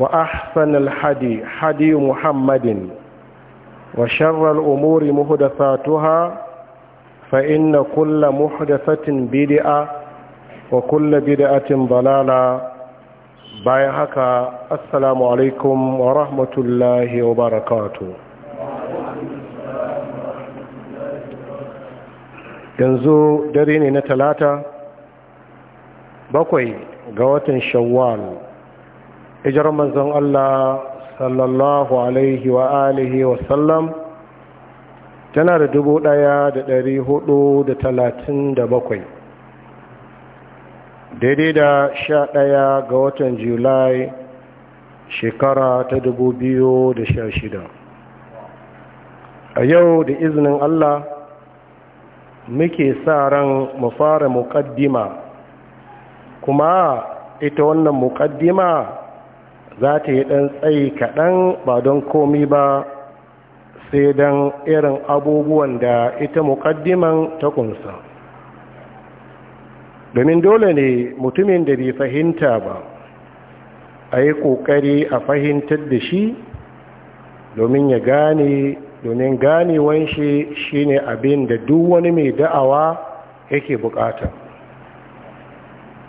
وأحسن الحدي حدي محمد وشر الأمور مهدفاتها فإن كل محدثة بدعة وكل بدعة ضلالة بايعك السلام عليكم ورحمة الله وبركاته yanzu dare ne na talata bakwai ga watan shawwal ijar manzon Allah sallallahu alaihi wa alihi wa sallam tana da dubu ɗaya da dari hudu da talatin da bakwai daidai da sha ɗaya ga watan julai shekara ta dubu biyu da sha shida a yau da izinin Allah muke sa ran mu fara muƙaddima kuma ita wannan muƙaddima za ta yi ɗan tsayi kaɗan ba don komi ba sai don irin abubuwan da ita muƙaddiman ta kunsa domin dole ne mutumin da bai fahimta ba a yi ƙoƙari a fahimtar da shi domin ya gane domin ganewan shi shine abin da duk wani mai da'awa yake buƙata.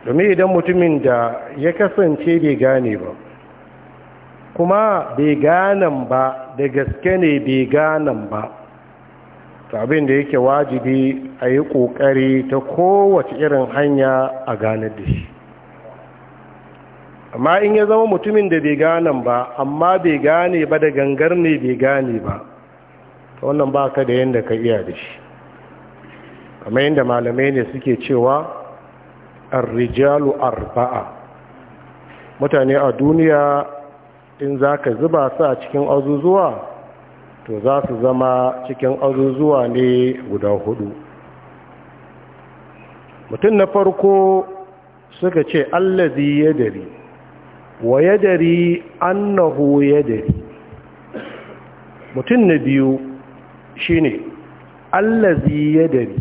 domin idan mutumin da ya kasance bai gane ba kuma bai ganan ba da gaske ne bai ganan ba abin da yake wajibi a yi ƙoƙari ta kowace irin hanya a gane da shi amma in ya zama mutumin da bai ganan ba amma bai gane ba da gangar ne bai gane ba ta wannan ba ka da yadda ka iya da shi kamar yadda malamai ne suke cewa arrijalu arba'a mutane a duniya in za ka zuba su a cikin azuzuwa to za su zama cikin azuzuwa ne guda hudu mutum na farko suka ce allazi ya dari wa ya dari annahu ya dari mutum na biyu shi ne allazi ya dari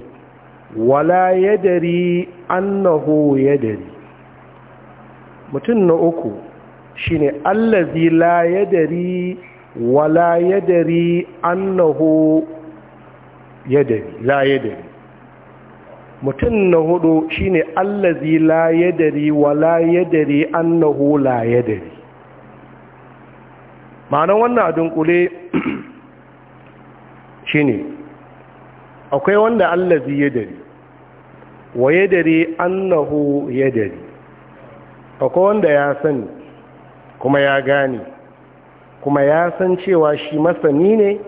wala ya dari annahu ya dari mutum na uku Allah allazi la wa yadari wala yadari annahu yadari la dari mutum na hudu shine allazi la wa yadari an na annahu la dari ma'anan wannan a dunkule shine akwai wanda allazi dari wa yadari annahu dari akwai wanda ya sani kuma ya gane kuma ya san cewa shi masani ne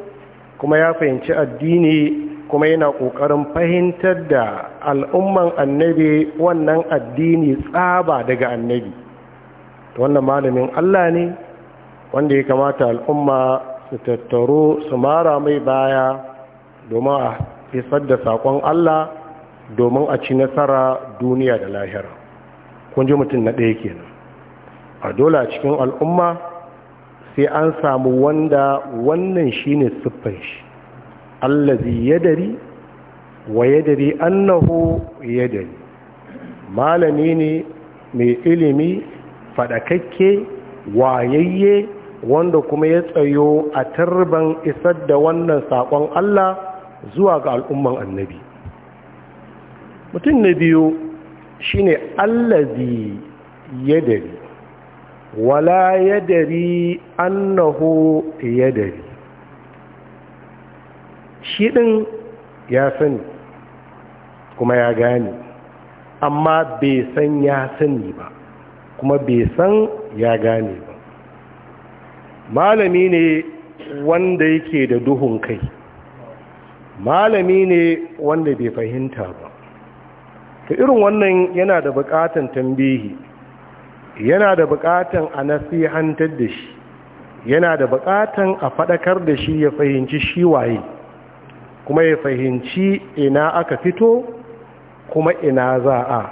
kuma ya fahimci addini kuma yana ƙoƙarin fahimtar da al'umman annabi wannan addini tsaba daga annabi wannan malamin Allah ne wanda ya kamata al'umma su tattaro su mara mai baya domin a isar da saƙon Allah domin a ci nasara duniya da lahira kun ji mutum na ɗaya kenan a dole a cikin al'umma sai an samu wanda wannan shine siffar shi allazi yadari wa yadari annahu yadari malami ne mai ilimi fadakakke wayayye wanda kuma ya tsayo a tarban isar da wannan saƙon Allah zuwa ga al'umman annabi mutum na biyu shine allazi yadari wala ya dari, annahu yadari shi ɗin ya sani kuma ya gane amma bai san ya sani ba kuma bai san ya gane ba malami ne wanda yake da duhun kai malami ne wanda bai fahimta ba to irin wannan yana da bukatan tambihi yana da bukatan a nasihantar da shi yana da bukatan a faɗakar da shi ya fahimci shi waye kuma ya fahimci ina aka fito kuma ina za a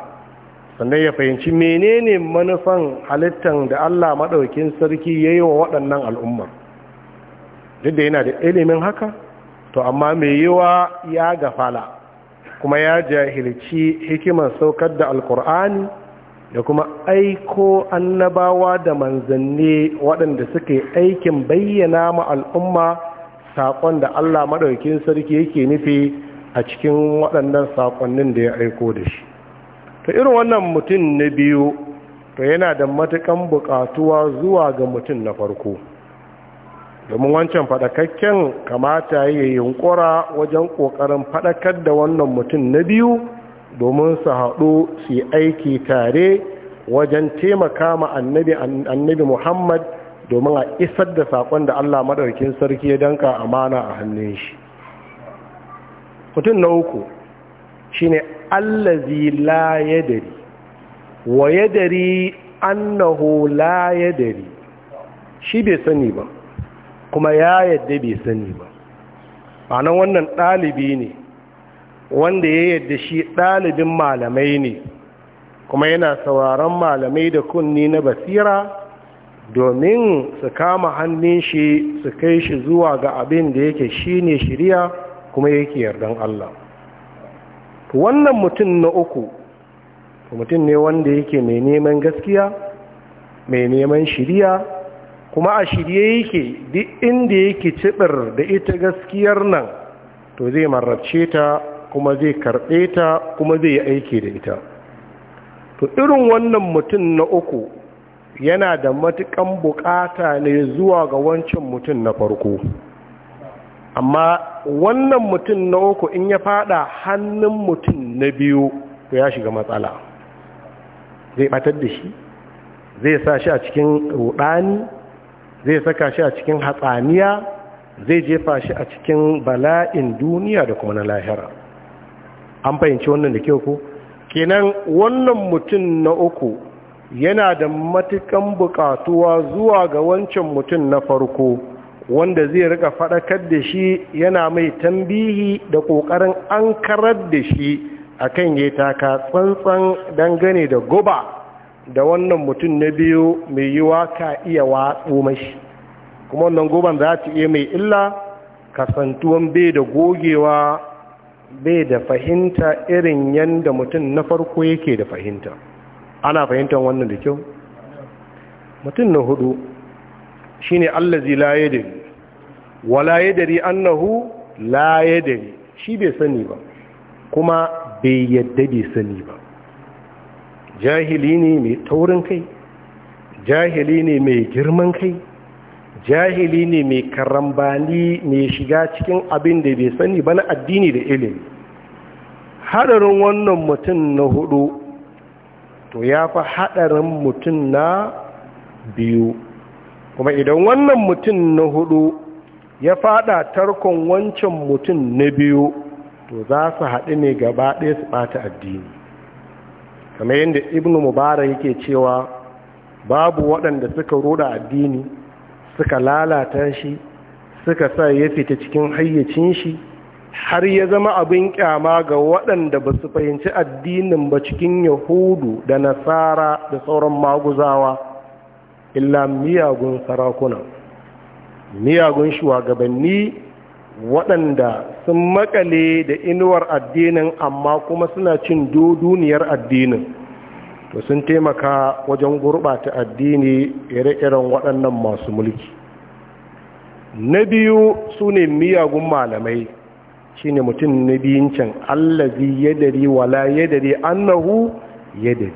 sannan ya fahimci menene manufan halittar da Allah maɗaukin sarki ya yi wa waɗannan al'ummar duk da yana da ilimin haka to amma mai yiwa ya gafala kuma ya jahilci hikimar saukar da alkur'ani da kuma aiko annabawa da manzanni waɗanda suke aikin bayyana ma al'umma saƙon da Allah maɗaukin sarki yake nufi a cikin waɗannan saƙonnin da ya aiko da shi ta irin wannan mutum na biyu to yana da matukan buƙatuwa zuwa ga mutum na farko domin wancan faɗakakken kamata ya yunƙura wajen ƙoƙarin faɗakar da wannan mutum na biyu domin su haɗu su aiki tare wajen taimaka ma annabi muhammad domin a isar da saƙon da allah maɗaukin sarki ya danka amana a hannun shi mutum na uku shine allazi la yadari wa yadari annahu la yadari shi bai sani ba kuma ya yadda bai sani ba Ba wannan ɗalibi ne wanda ya yadda shi ɗalibin malamai ne kuma yana sauraron malamai da kunni na basira domin su kama hannun shi su kai shi zuwa ga abin da yake shi ne shirya kuma yake yardan Allah wannan mutum na uku mutum ne wanda yake mai neman gaskiya mai neman shirya kuma a shirye yake duk inda yake cibir da ita gaskiyar nan to zai marabce ta kuma zai karɓe ta kuma zai yi aiki da ita to irin wannan mutum na uku yana da matukan buƙata ne zuwa ga wancan mutum na farko amma wannan mutum na uku in ya fada hannun mutum na biyu to ya shiga matsala zai batar da shi zai sa shi a cikin rudani zai saka shi a cikin hatsaniya zai jefa shi a cikin bala'in duniya da kuma na lahira an fahimci wannan da kyau ko kenan wannan mutum na uku yana da matukan bukatuwa zuwa ga wancan mutum na farko wanda zai rika faɗakar da shi yana mai tambihi da ƙoƙarin an karar da shi akan ya taka tsantsan dangane da guba da wannan mutum na biyu mai yiwa ka iya watsu mashi kuma wannan guban za ta iya mai illa kasantuwan bai da gogewa bai da fahimta irin yadda mutum na farko yake da fahimta ana fahimtar wannan da kyau mutum na hudu shine allazi la wa wala yadri annahu la shi bai sani ba kuma bai yadda bai sani ba jahili ne mai taurin kai jahili ne mai girman kai jahili ne mai karambani mai shiga cikin abin da bai sani ba na addini da ilimi hadarin wannan mutum na hudu to ya fi hadarin mutum na biyu kuma idan wannan mutum na hudu ya fada tarkon wancan mutum na biyu to za su haɗu ne gaba ɗaya su ɓata addini kamar yadda ibn mubarak yake cewa babu waɗanda suka roda addini suka lalata shi suka sa ya fita cikin hayyacin shi har ya zama abin kyama ga waɗanda ba su fahimci addinin ba cikin yahudu da nasara da sauran maguzawa illa miyagun sarakuna miyagun shugabanni waɗanda sun makale da inuwar addinin amma kuma suna cin duniyar addinin to sun taimaka wajen gurɓata addini ire-iren waɗannan masu mulki na biyu su ne miyagun malamai shi ne mutum na biyun can allazi dari wala dari annahu dari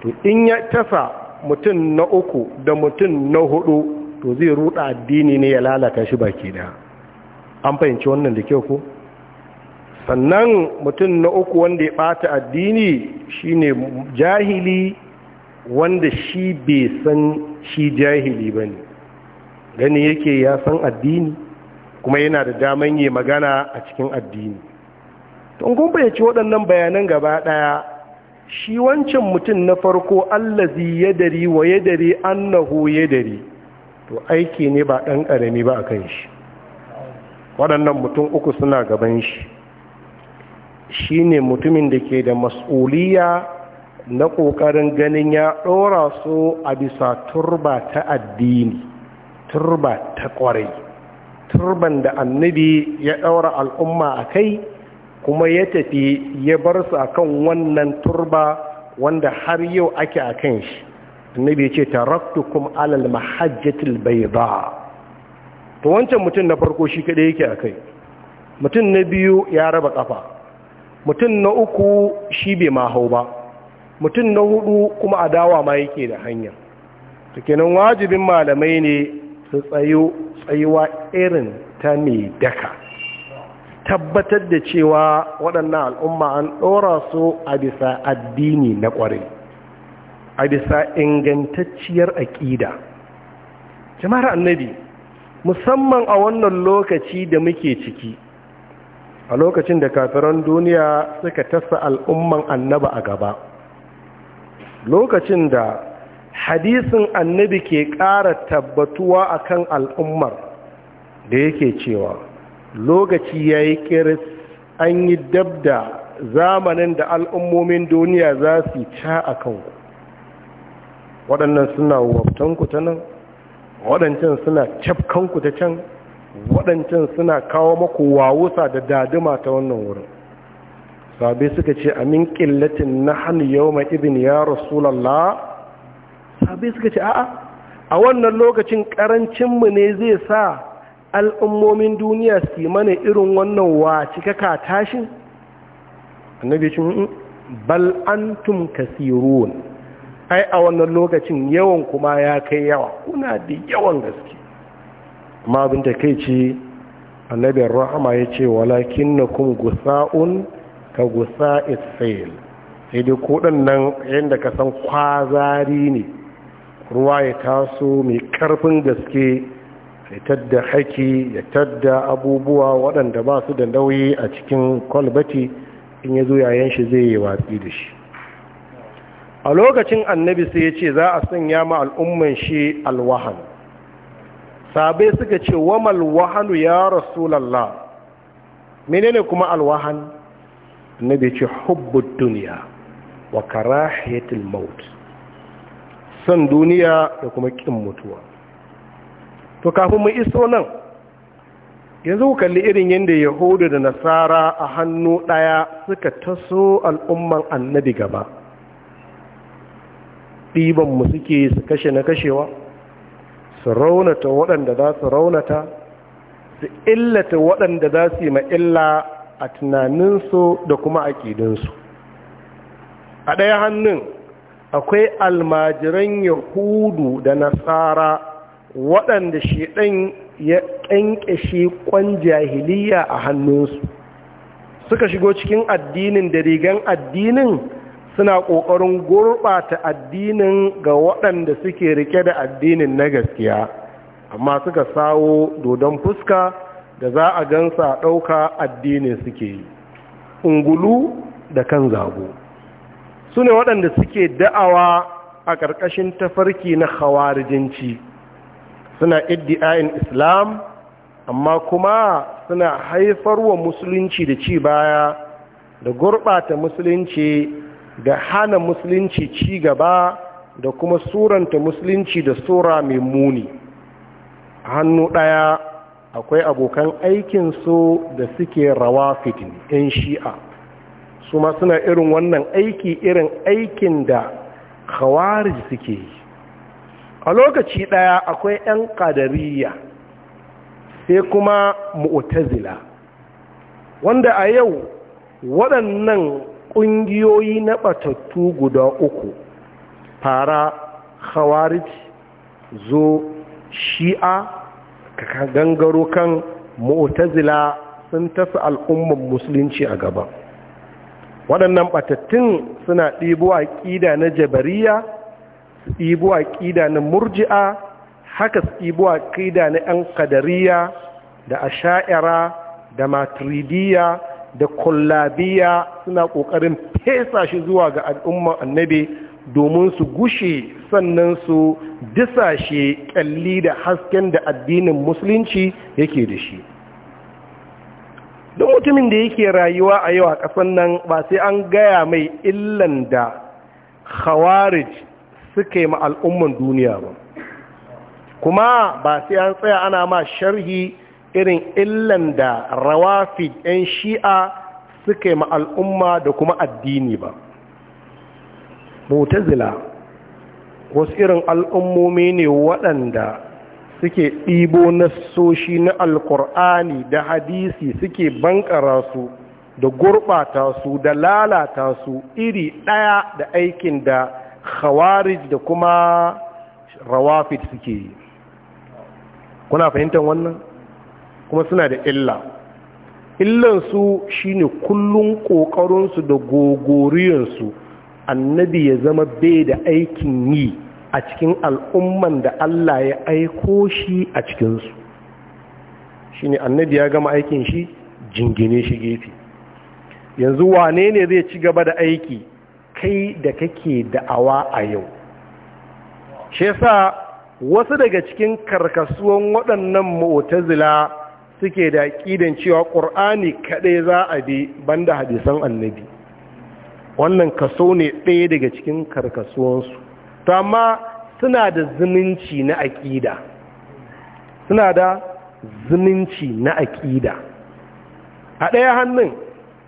to in ya tasa mutum na uku da mutum na hudu to zai ruɗa addini ne ya lalata shi baki ɗaya an fahimci wannan da kyau ko sannan mutum na uku wanda ya ɓata addini shine jahili wanda shi bai san shi jahili ba ne gani yake ya san addini kuma yana da daman yi magana a cikin addini tun kun fahimci waɗannan bayanan gaba ɗaya shi wancan mutum na farko allazi ya dari wa ya dari annahu ya dari to aiki ne ba ɗan ƙarami ba a kan shi waɗannan mutum uku suna gaban shi Shi ne mutumin da ke da mas'uliya na ƙoƙarin ganin ya ɗora su a bisa turba ta addini turba ta ƙwarai turban da annabi ya ɗaura al'umma a kai kuma ya tafi ya bar su a kan wannan turba wanda har yau ake a kan shi annabi ce kuma alal bai ba. to wancan mutum na farko shi kaɗai yake a kai mutum na biyu ya raba ƙafa mutum na uku shi bai ma hau ba mutum na hudu kuma a dawa ma yake da hanya tukinan wajibin malamai ne su tsayo tsayuwa irin ta mai daka tabbatar da cewa waɗannan al'umma an ɗora su a bisa addini na ƙwarai a bisa ingantacciyar aƙida jama'ar annabi musamman a wannan lokaci da muke ciki a lokacin da kafiran duniya suka tasa al'umman annaba a gaba lokacin da hadisin annabi ke ƙara tabbatuwa a kan al'ummar da yake cewa lokaci ya yi ƙiris an yi dab da zamanin da al'ummomin duniya za su ca a kanku waɗannan suna wabtanku ta nan waɗancan suna cafkanku ta can waɗancan suna kawo mako wawusa da daduma ta wannan wurin sabai suka ce amin ƙillatin na hannu yau mai ibin ya rasulallah sabai suka ce a'a a wannan lokacin ƙarancinmu ne zai sa al'ummomin duniya su mana irin wannan wa ka tashin annabi cin bal antum kasirun ai a wannan lokacin yawan kuma ya kai yawa kuna da yawan gaske Amma abin da kai ce annabin rahama ya ce walakin na kun gusa'un ka gusa isfail sai dai kudin nan yadda ka san kwazari ne ruwa ya taso mai karfin gaske ya tadda haki ya tadda abubuwa waɗanda ba su da nauyi a cikin kwalbati in ya zo yayan shi zai yi watsi da shi a lokacin annabi sai ya ce za a sanya ma al'umman shi alwahan sahabai suka ce wamal wahanu ya rasulallah menene kuma alwahan annabi ce hubbud duniya wa karahiyatul maut san duniya da kuma kin mutuwa to kafin mu iso nan yanzu ku kalli irin yadda yahudu da nasara a hannu ɗaya suka taso al'umman annabi gaba ɗiban mu suke su kashe na kashewa su raunata waɗanda za su raunata su illata waɗanda za su yi ma'illa a tunaninsu da kuma a ƙidinsu. a ɗaya hannun akwai almajiran yahudu da nasara waɗanda shiɗan ya ƙanƙashi ƙwan jahiliya a hannunsu suka shigo cikin addinin da rigan addinin suna ƙoƙarin gurɓata addinin ga waɗanda suke rike da addinin na gaskiya amma suka sawo dodon fuska da za a gansa ɗauka addinin suke yi ungulu da kan zago su ne waɗanda suke da'awa a ƙarƙashin tafarki na hawarijinci suna iddi'ayin islam amma kuma suna haifarwa musulunci da ci baya da gurɓata musulunci da hana musulunci ci gaba da kuma suranta musulunci da sura mai muni hannu ɗaya akwai abokan aikinsu da suke rawa fitin 'yan shi'a su ma suna irin wannan aiki irin aikin da khawarij suke yi a lokaci ɗaya akwai 'yan ƙadariya sai kuma mu'tazila wanda a yau waɗannan ƙungiyoyi na ɓatattu guda uku fara khawarij zo shi'a ka gangaro kan mu'tazila sun tafi al'umman musulunci a gaba waɗannan ɓatattun suna ɗibo ƙida na jabariya su ɗibo aƙida na murji'a haka su ɗibo aƙida na 'yan kadariya da asha'ira da matridiya da kullabiya suna ƙoƙarin fesa shi zuwa ga al'umma annabi domin su gushe sannan su disa shi ƙyalli da hasken da addinin musulunci yake da shi don mutumin da yake rayuwa a yau a ƙasar nan ba sai an gaya mai illan da khawarij suka yi ma al'umman duniya ba kuma ba sai an tsaya ana ma sharhi irin illan da rawafi 'yan shi'a suka yi al'umma da kuma addini ba mutazila wasu irin al'ummomi ne waɗanda suke ɗibo na soshi na alkur'ani da hadisi suke bankara su da gurɓata su da lalata su iri ɗaya da aikin da khawarij da kuma rawafid suke yi kuna fahimtar wannan kuma suna da illa illansu shine kullum ƙoƙarinsu da gogoriyansu annabi ya zama bai da aikin yi a cikin al'umman da Allah ya aiko shi a cikinsu shi ne annabi ya gama aikin shi jingine shi gefe yanzu wane ne zai ci gaba da aiki kai da kake da'awa a yau shi yasa wasu daga cikin karkasuwan waɗannan mu'tazila suke da aƙidan cewa ƙur'ani kaɗai za a bi banda hadisan annabi wannan kaso ne ɗaya daga cikin karkasuwansu to amma suna da zumunci na aƙida suna da zumunci na aƙida a ɗaya hannun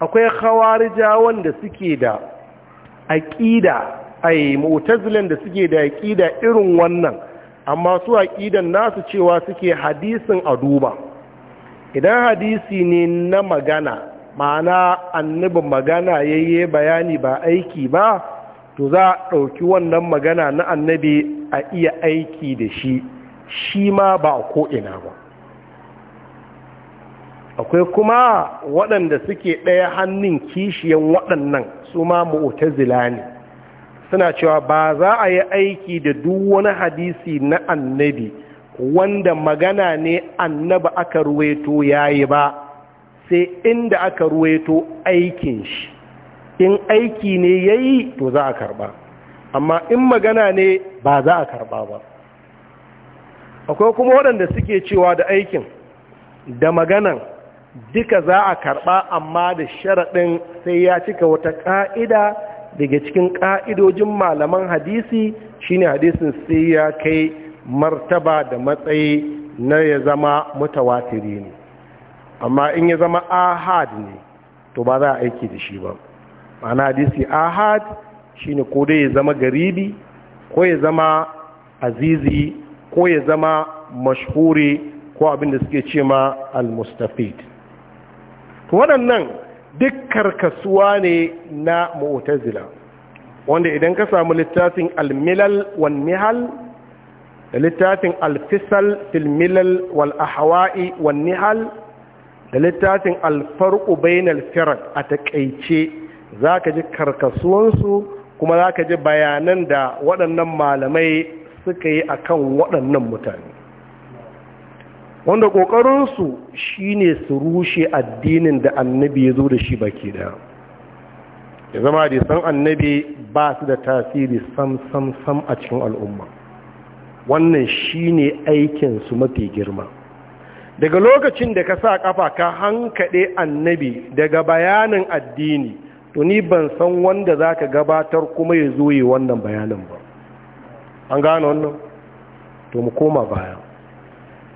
akwai khawarija wanda suke da aƙida ai mu'tazilan da suke da aƙida irin wannan amma su aƙidan nasu cewa suke hadisin a duba idan hadisi ne na magana ma'ana annabin magana yayye bayani ba aiki ba to za a ɗauki wannan magana na annabi a iya aiki da shi shi ma ba a ko'ina ba akwai kuma waɗanda suke ɗaya hannun kishiyan waɗannan su ma mu'tazila ne suna cewa ba za a yi aiki da duk wani hadisi na annabi wanda magana ne annaba aka ruwaito yayi ba sai inda aka ruwaito aikin shi in aiki ne yayi to za a karba amma in magana ne ba za a karba ba akwai kuma waɗanda suke cewa da aikin da maganan duka za a karba amma da sharaɗin sai ya cika wata ƙa'ida daga cikin ƙa'idojin malaman hadisi shine hadisin sai ya kai martaba da matsayi na ya zama mutawatiri ne amma in ya zama ahad ne to ba za a aiki da shi ba ma'ana hadisi ahad shi ne kodai ya zama garibi ko ya zama azizi ko ya zama mashhuri ko abinda suke ce ma al-mustafid to waɗannan duk karkasuwa ne na mu'tazila wanda idan ka samu littafin al-milal wal-mihal da littafin alfisal filmilal wal ahwa'i wal nihal da littafin alfar'u bainal firat a takaice za ka ji karkasuwansu kuma za ka ji bayanan da waɗannan malamai suka yi a kan waɗannan mutane wanda ƙoƙarinsu shi ne su rushe addinin da annabi ya zo da shi baki da, ya zama da san annabi ba su da tasiri sam sam sam a cikin al'umma wannan shine aikin su mafi girma daga lokacin da ka sa kafa ka hankaɗe annabi daga bayanin addini to ni ban san wanda za ka gabatar kuma ya zo yi wannan bayanin ba an gane wannan to mu koma baya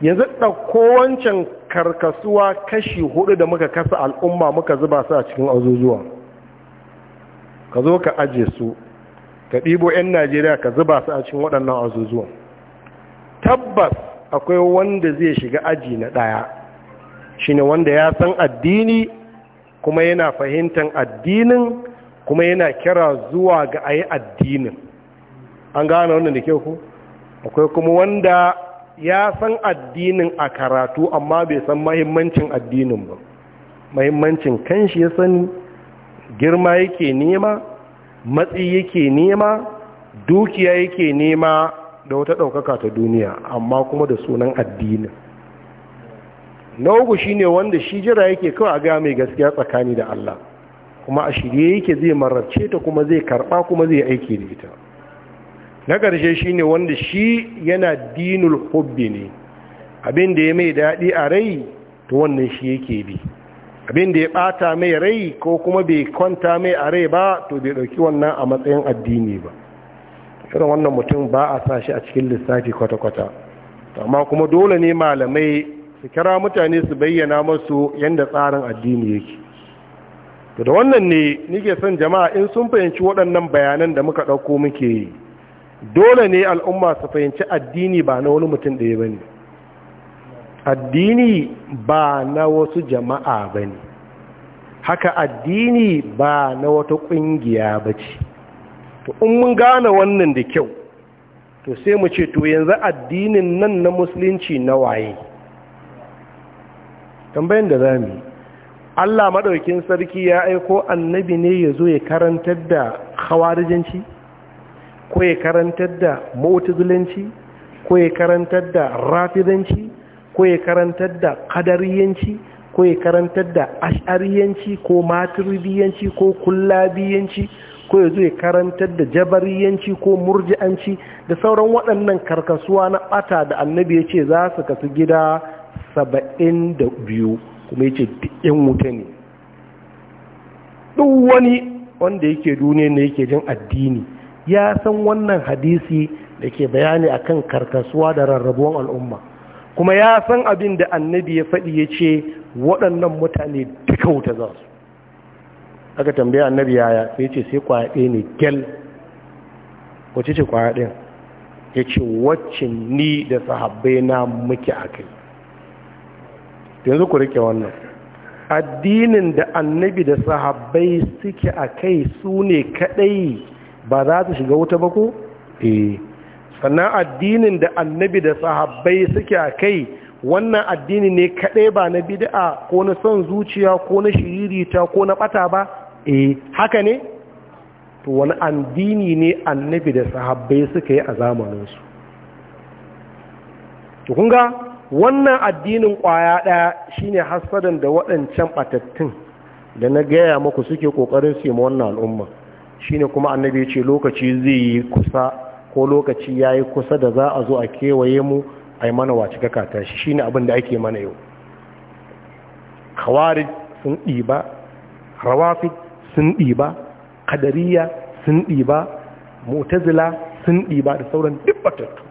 yanzu ɗauko wancan karkasuwa kashi hudu da muka kasa al'umma muka zuba su a cikin azuzuwa ka zo ka aje su ka ɗibo 'yan najeriya ka zuba su a cikin waɗannan azuzuwa. tabbas akwai wanda zai shiga aji na ɗaya shine wanda ya san addini kuma yana fahimtar addinin kuma yana kira zuwa ga ayi addinin an gane wannan da kyau ku akwai kuma wanda ya san addinin a karatu amma bai san mahimmancin addinin ba mahimmancin shi ya sani girma yake nema matsi yake nema dukiya yake nema da wata ɗaukaka ta duniya amma kuma da sunan addinin na uku ne wanda shi jira yake kawai a ga mai gaskiya tsakani da Allah kuma a shirye yake zai mararce ta kuma zai karɓa kuma zai aiki da ita na ƙarshe shi ne wanda shi yana dinul hubbi ne abin da ya mai daɗi a rai to wannan shi yake bi abin da ya ɓata mai rai ko kuma bai kwanta mai a rai ba to bai ɗauki wannan a matsayin addini ba irin wannan mutum ba a sa shi a cikin lissafi kwata-kwata amma kuma dole ne malamai su kira mutane su bayyana masu yadda tsarin addini yake to da wannan ne nike son jama'a in sun fahimci waɗannan bayanan da muka ɗauko muke yi dole ne al'umma su fahimci addini ba na wani mutum ɗaya ba ne addini ba na wasu jama'a ba ne haka addini ba na wata ƙungiya ba ce to in mun gane wannan da kyau to sai mu ce to yanzu addinin nan na musulunci na waye tambayin da za mu Allah maɗaukin sarki ya aiko annabi ne ya zo ya karantar da hawarijanci ko ya karantar da mautuzulanci ko ya karantar da rafidanci ko ya karantar da kadariyanci ko ya karantar da ashariyanci ko maturidiyanci ko kullabiyanci ko ya zo ya karantar da jabariyanci ko murji'anci da sauran waɗannan karkasuwa na ɓata da annabi ya ce za su kasu gida saba'in da biyu kuma ya ce ɗin wuta ne wani wanda yake duniya ne yake jin addini ya san wannan hadisi da ke bayani akan karkasuwa da rarrabuwan al'umma kuma ya san abin da annabi ya faɗi ya ce waɗannan mutane duka wuta za su aka tambaya annabi yaya sai ce sai kwaɗe ne gyal wacce ce kwaya ya ce wacce ni da sahabbai na muke a kai yanzu ku rike wannan addinin da annabi da sahabbai suke a kai su ne kaɗai ba za su shiga wuta ba ko? eh sannan addinin da annabi da sahabbai suke a kai wannan addini ne kaɗai ba na bid'a ko na son zuciya ko na shiririta ko na ɓata ba eh haka ne to wani addini ne annabi da sahabbai suka yi a zamaninsu to ga wannan addinin kwaya ɗaya shine hasadan da waɗancan batattun da na gaya muku suke kokarin su yi wannan al'umma shine kuma annabi ya ce lokaci zai yi kusa ko lokaci ya yi kusa da za a zo a kewaye mu a yi mana wace kakata shi shine abin da ake mana yau kawari sun ɗiba rawafi sun ɗiba kadariya sun ɗiba motazila sun ɗiba da sauran dubbatattu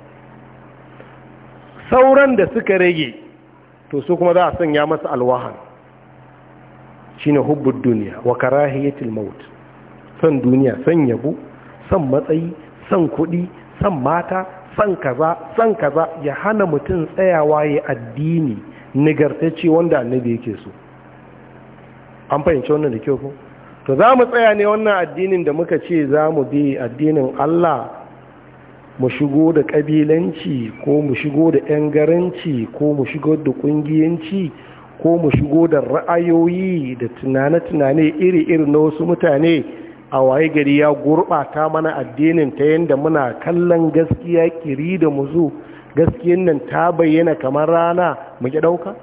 sauran da suka rage to su kuma za a sanya masa alwahan ne hubbud duniya wa hetil maut son duniya son yabo son matsayi son kuɗi son mata son kaza son kaza ya hana mutum tsayawa ya addini nagartacce wanda annabi yake so an fahimci wannan da kyau ko to za mu tsaya ne wannan addinin da muka ce za mu bi addinin Allah mu shigo da ƙabilanci ko mu shigo da 'yan garanci ko mu shigo da ƙungiyanci ko mu shigo da ra'ayoyi da tunane-tunane iri-iri na wasu mutane a waye gari ya gurɓata mana addinin ta yadda muna kallon gaskiya kiri da muzu gaskiyan nan ta bayyana kamar rana muke ɗauka?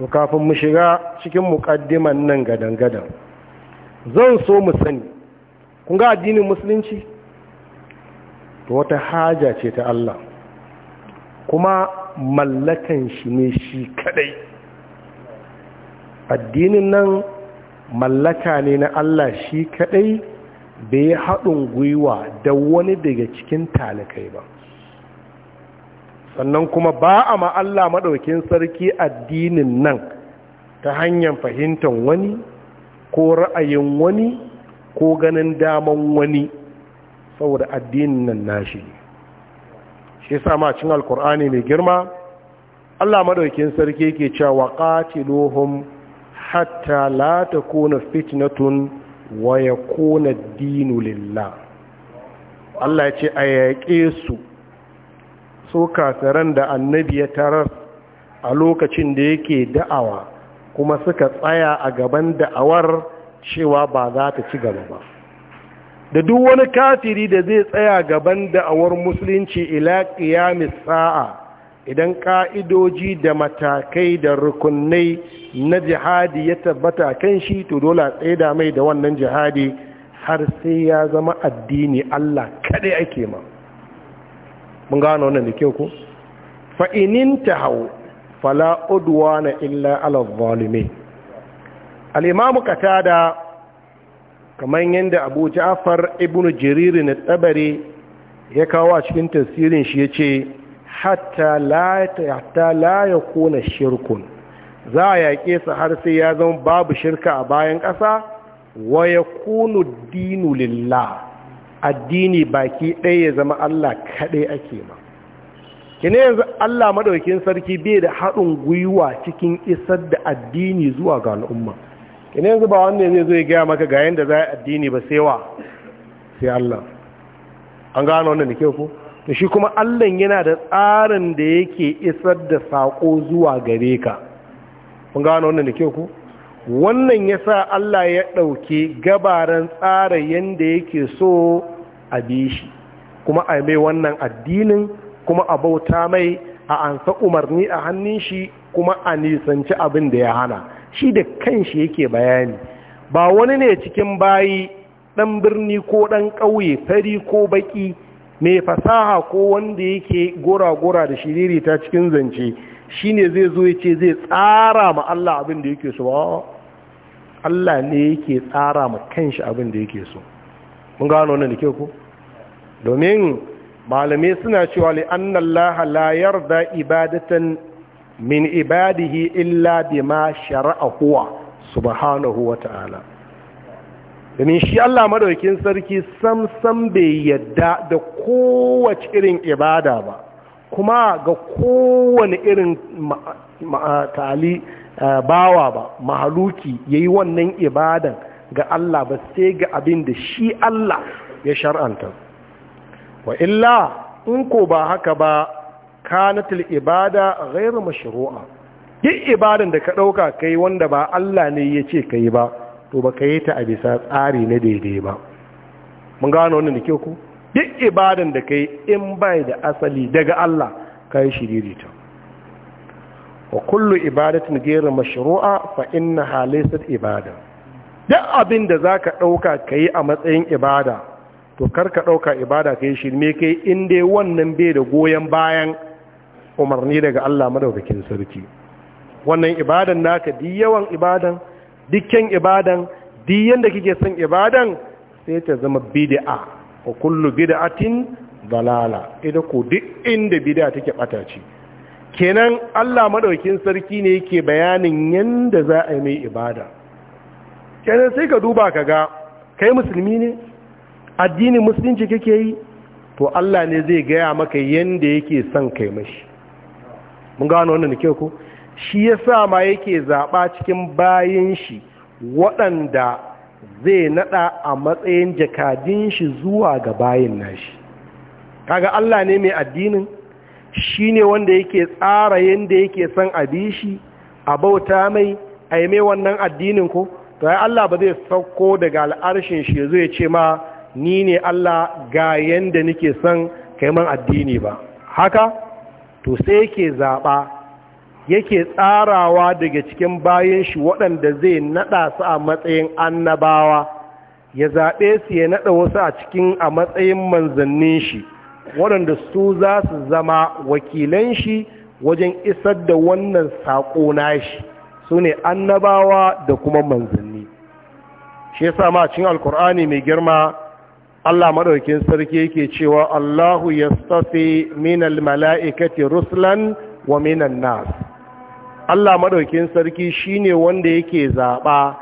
to kafin mu shiga cikin muƙaddiman nan gadan-gadan zan so mu sani kun ga addinin musulunci to wata haja ce ta Allah kuma mallakan shi ne shi kadai addinin nan mallaka ne na Allah shi kadai bai haɗin gwiwa da wani daga cikin talakai ba sannan kuma ba a ma Allah maɗaukin sarki addinin nan ta hanyar fahimtar wani ko ra'ayin wani ko ganin daman wani saboda addinin nan nashi shi sa ma cin alkur'ani mai girma Allah maɗaukin sarki ke cewa qatiluhum hatta la kona fitnatun wa yakuna kona dinu lilla. Allah ya ce a yaƙe su so kafiran da annabi ya tarar a lokacin da yake da'awa kuma suka tsaya a gaban da'awar cewa ba za ta ci gaba ba da duk wani kafiri da zai tsaya gaban da'awar musulunci ila qiyamis sa'a idan ka'idoji da matakai da rukunai na jihadi ya tabbata kan shi to dole a tsaye mai da wannan jihadi har sai ya zama addini Allah kaɗai ake ma mun gano wannan da kyau ko fa inin tahaw fala udwana illa ala zalimin al imam qatada kaman yanda abu ja'far ibn jarir na tabari ya kawo a cikin tafsirin shi yace hatta la hatta la yakuna shirkun za a yaƙe su har sai ya zama babu shirka a bayan ƙasa wa ya kunu dinu lillah addini baki ɗaya ya zama Allah kaɗai ake ma kine yanzu Allah maɗaukin sarki bai da haɗin gwiwa cikin isar da addini zuwa ga al'umma kine yanzu ba wanda zai zo ya gaya maka ga yanda za a addini ba sai wa sai Allah an gano wannan da ke ku to shi kuma Allah yana da tsarin da yake isar da sako zuwa gare ka kun gano wannan da ke ku wannan ya sa Allah ya ɗauke gabaran tsara yadda yake so a bi shi kuma a mai wannan addinin kuma a bauta mai a ansa umarni a hannun shi kuma a nisanci abin da ya hana shi da kanshi yake bayani ba wani ne cikin bayi ɗan birni ko ɗan ƙauye fari ko baƙi mai fasaha ko wanda yake gora-gora da shiriri ta cikin zance shi ne zai zo ya ce zai tsara ma Allah abin da yake so ba Allah ne yake tsara ma kanshi abin da yake so mun gano wannan da ke ku domin malamai suna cewa li annallaha la yarda ibadatan min ibadihi illa bima shara'a huwa subhanahu wa ta'ala domin shi Allah madaukin sarki sam sam bai yadda da kowace irin ibada ba kuma ga kowane irin tali bawa ba mahaluki yayi wannan ibadan ga Allah ba sai ga abin da shi Allah ya shar'anta wa illa in ko ba haka ba kanatul ibada ghairu mashru'a duk ibadan da ka dauka kai wanda ba Allah ne ya ce kai ba to ba kai ta a bisa tsari na daidai ba mun gano wannan da ke ku duk ibadan da kai in bai da asali daga Allah kai shiririta wa kullu ibadatin ghayra mashru'a fa innaha laysat ibada duk abin da zaka dauka kai a matsayin ibada to kar ka ɗauka ibada kai shi me kai in dai wannan bai da goyen bayan umarni daga Allah madaukakin sarki wannan ibadan naka di yawan ibadan dukkan ibadan di yanda kike son ibadan sai ta zama bid'a wa kullu bid'atin dalala ida ku duk inda bid'a take bata ce kenan Allah maɗaukin sarki ne yake bayanin yadda za a yi mai ibada kenan sai ka duba ka ga kai musulmi ne addinin musulunci kake yi to Allah ne zai gaya maka yadda yake son kai mashi mun gano wannan kyau ko shi ya sa ma yake zaɓa cikin bayan shi waɗanda zai naɗa a matsayin jakadin shi zuwa ga bayin nashi kaga Allah ne mai addinin shi ne wanda yake tsara yadda yake son a shi a bauta mai a yi mai wannan addinin ko to ya Allah ba zai sauko daga al'arshin shi zai ce ma ni ne Allah ga yadda nake son kaiman addini ba haka to sai yake zaɓa yake tsarawa daga cikin bayan shi waɗanda zai naɗa su a matsayin annabawa ya zaɓe su ya naɗa wasu a cikin a matsayin manzannin shi waɗanda su za su zama wakilan shi wajen isar da wannan saƙo nashi su ne annabawa da kuma manzanni shi yasa ma cikin alkur'ani mai girma Allah Maɗaukin sarki yake cewa Allahu yastafi minal mala'ikati ruslan wa minan nas Allah Maɗaukin sarki shine wanda yake zaɓa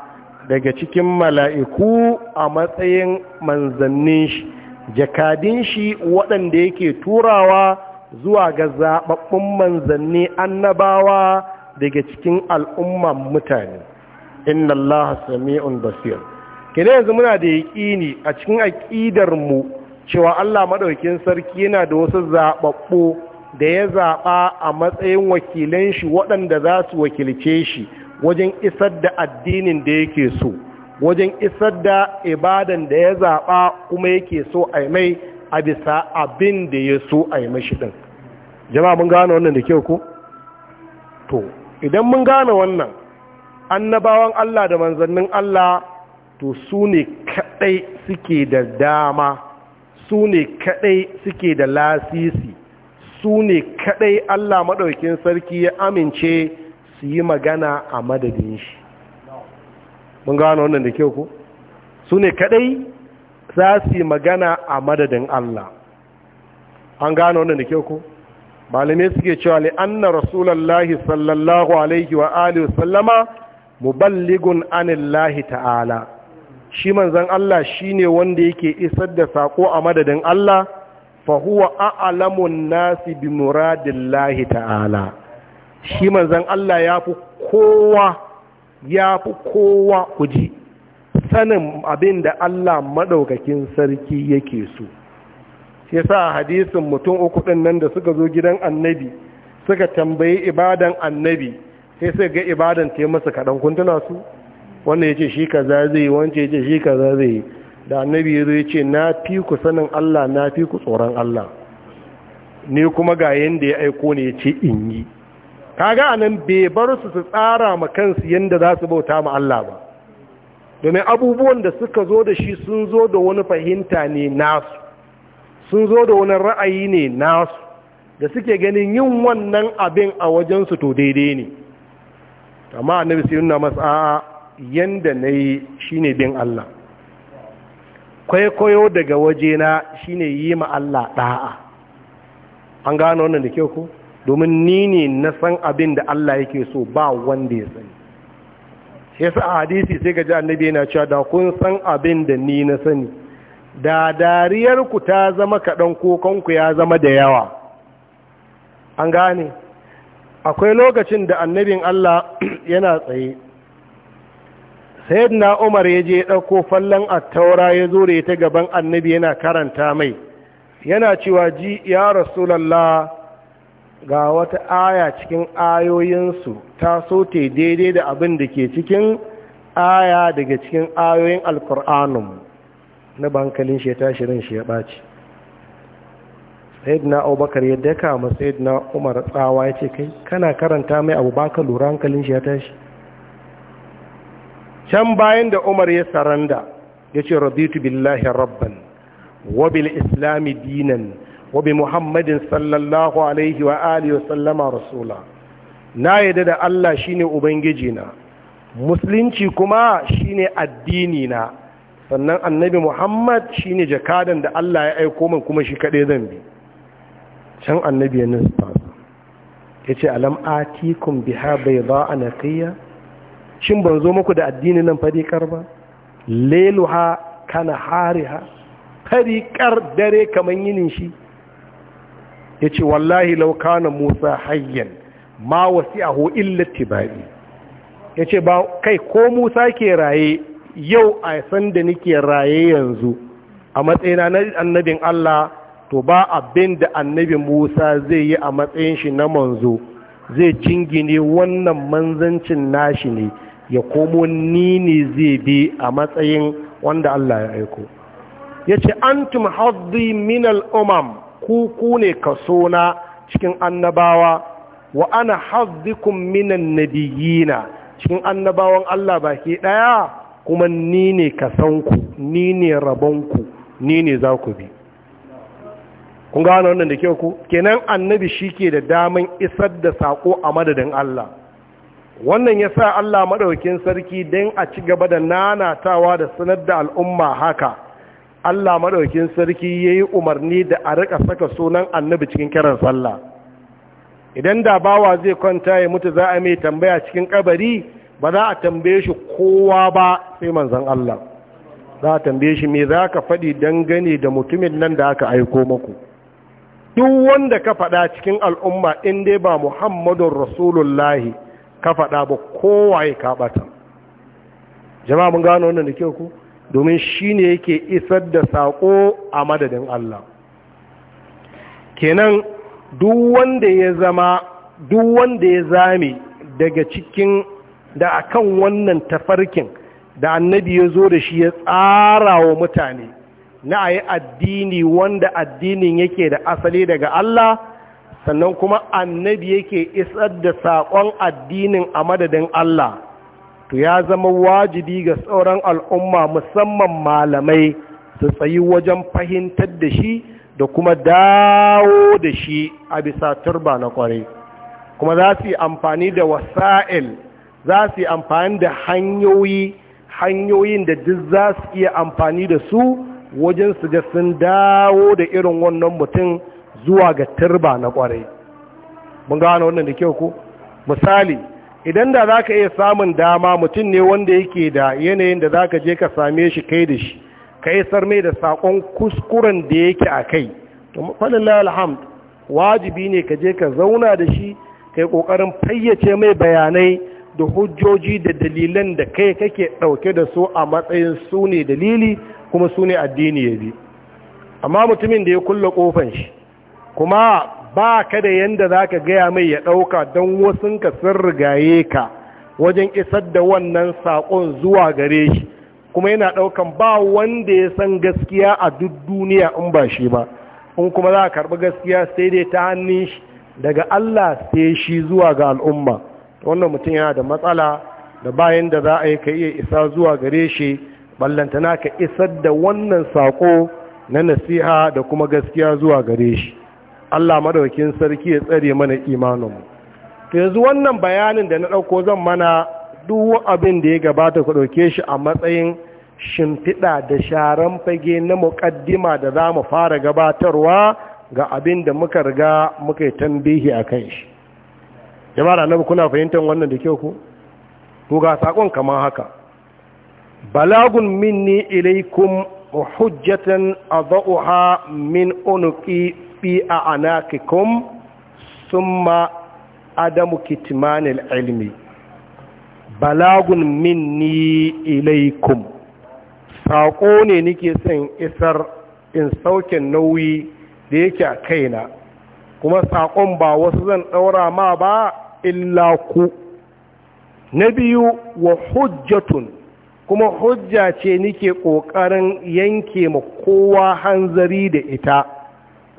daga cikin mala'iku a matsayin manzannin shi jakadin shi waɗanda yake turawa zuwa ga zaɓaɓɓun manzanni annabawa daga cikin al'umman mutane inna allaha sami'un basir kene yanzu muna da yaƙini a cikin aƙidar mu cewa Allah maɗaukin sarki yana da wasu zaɓaɓɓu da ya zaɓa a matsayin wakilan shi waɗanda za su wakilce shi wajen isar da addinin da yake so wajen isar da ibadan da ya zaɓa kuma yake so a mai a bisa abin da ya so a mashi ɗin jama'a mun gane wannan da kyau ku? to idan mun gane wannan annabawan Allah da manzannin Allah to su ne kaɗai suke da dama su ne kaɗai suke da lasisi su ne kaɗai Allah maɗaukin sarki ya amince su yi magana a madadin shi mun gano wannan da kyau ko su ne kadai za su yi magana a madadin Allah an gano wannan da kyau ko malamai suke cewa li anna rasulullahi sallallahu alaihi wa alihi sallama muballigun anillahi ta'ala shi manzon Allah shine wanda yake isar da sako a madadin Allah fa huwa a'lamun nasi bi muradillahi ta'ala shi manzon Allah yafi kowa ya fi kowa kuji sanin abin da Allah maɗaukakin sarki yake so shi sa hadisin mutum uku ɗin nan da suka zo gidan annabi suka tambayi ibadan annabi sai sai ga ibadan ta yi masa kaɗan kuntuna su wanda ya ce shi ka za zai yi wance ya ce shi ka zai yi da annabi ya zai ce na fi ku sanin Allah na fi ku tsoron Allah ne kuma ga yadda ya aiko ne ya ce in yi kaga anan bai bar su su tsara ma kansu yanda za su bauta ma Allah ba domin abubuwan da suka zo da shi sun zo da wani fahimta ne nasu sun zo da wani ra'ayi ne nasu da suke ganin yin wannan abin a wajensu to daidai ne amma annabi sai nuna masa a'a yanda nayi shine bin Allah kwaikwayo daga wajena shine yi ma Allah da'a an gano wannan da kyau ko domin ni ne na san abin da Allah yake so ba wanda ya sani yasa a hadisi sai gaji annabi yana cewa da kun san abin da ni na sani da dariyar ta zama kaɗan ko kanku ya zama da yawa an gane akwai lokacin da annabin Allah yana tsaye na Umar ya je ɗauko fallon taura ya zo ta gaban annabi yana karanta mai yana cewa ji ya rasulallah ga wata aya cikin ayoyinsu ta so daidai da abin da ke cikin aya daga cikin ayoyin alkur'anun na bankalin shi ya tashi ran shi ya ɓaci sayyidina abubakar ya daka ma na umar tsawa ya ce kai kana karanta mai abubakar lura hankalin shi ya tashi can bayan da umar ya saranda ya ce rabitu billahi rabban wa bil islami dinan wa bi muhammadin sallallahu alaihi wa alihi wa sallama rasula na yadda da Allah shine ubangiji na musulunci kuma shine addini na sannan annabi muhammad shine jakadan da Allah ya aiko min kuma shi kaɗai zan bi can annabi ya nista ya ce alam atikum biha bayda anaqiya shin ban zo muku da addini nan fadikar ba ha kana hariha kar dare kaman yinin shi ya ce wallahi laukana musa hayyan ma wasi a illati baɗi ya ce ba kai ko musa ke raye yau a san da nake raye yanzu a matsayina na annabin allah to ba abin da annabi musa zai yi a matsayin shi na manzo zai jingine wannan manzancin nashi ne ya komo ni ne zai bi a matsayin wanda allah ya aiko ya ce antum haddi minal umam ku ku ne kaso na cikin annabawa wa ana hazzikum minan nabiyina cikin annabawan Allah baki ɗaya? kuma ni ne kasanku ni ne rabonku ni ne za ku bi kun gano wannan da kyau ku kenan annabi shi ke da daman isar da sako a madadin Allah wannan ya sa Allah maɗaukin sarki don a ci gaba da nanatawa da sanar da al'umma haka Allah maɗaukin sarki ya yi umarni da a riƙa saka sunan annabi cikin kiran sallah idan da bawa zai kwanta ya mutu za a mai tambaya cikin kabari ba za a tambaye shi kowa ba sai manzan Allah za a tambaye shi me za ka faɗi dangane da mutumin nan da aka aiko maku duk wanda ka faɗa cikin al'umma in dai ba muhammadun rasulullahi ka faɗa ba kowa ya kaɓata jama'a mun gano wannan da kyau ku domin shi ne yake isar da saƙo a madadin Allah kenan duk wanda ya zama duk wanda ya zame daga cikin da akan wannan tafarkin da annabi ya zo da shi ya tsara wa mutane na a yi addini wanda addinin yake da asali daga Allah sannan kuma annabi yake isar da saƙon addinin a madadin Allah to ya zama wajibi ga sauran al'umma musamman malamai su tsayi wajen fahimtar da shi da kuma dawo da shi a bisa turba na kwarai kuma za su yi amfani da wasa'il za su yi amfani da hanyoyi hanyoyin da duk za su iya amfani da su wajen su ga sun dawo da irin wannan mutum zuwa ga turba na kwarai mun gano wannan da kyau ko misali idan da za ka iya samun dama mutum ne wanda yake da yanayin da za ka je ka same shi kai da shi ka yi sarme da sakon kuskuren da yake a kai to falilai alhamd wajibi ne ka je ka zauna da shi ka yi ƙoƙarin fayyace mai bayanai da hujjoji da dalilan da kai kake ɗauke da su a matsayin su ne dalili kuma su ne addini ya bi amma mutumin da ya kulle ƙofan shi kuma ba ka da yanda za ka gaya mai ya ɗauka don wasunka sun rigaye ka wajen isar da wannan saƙon zuwa gare shi kuma yana ɗaukan ba wanda ya san gaskiya a duk duniya in ba shi ba in kuma za a karɓi gaskiya sai dai ta hannun shi daga Allah sai shi zuwa ga al'umma wannan mutum yana da matsala da bayan da za a yi ka iya isa zuwa gare shi ballantana ka isar da wannan saƙo na nasiha da kuma gaskiya zuwa gare shi Allah madaukin sarki ya tsare mana imaninmu to yanzu wannan bayanin da na ɗauko zan mana duk abin da ya gabata ku ɗauke shi a matsayin shimfiɗa da sharan fage na muƙaddima da za mu fara gabatarwa ga abin da muka riga muka yi tambihi a kan shi jama'a na kuna fahimtar wannan da kyau ku to ga saƙon kamar haka balagun minni ilaikum hujjatan adha'uha min unqi fi a anakikum summa adamu kitmanil ilmi balagun min ni ilaikum saƙo ne nake son isar in sauke nauyi da yake a kaina kuma saƙon ba wasu zan ɗaura ma ba illa ku na biyu wa hujjatun kuma hujja ce nike ƙoƙarin yanke ma kowa hanzari da ita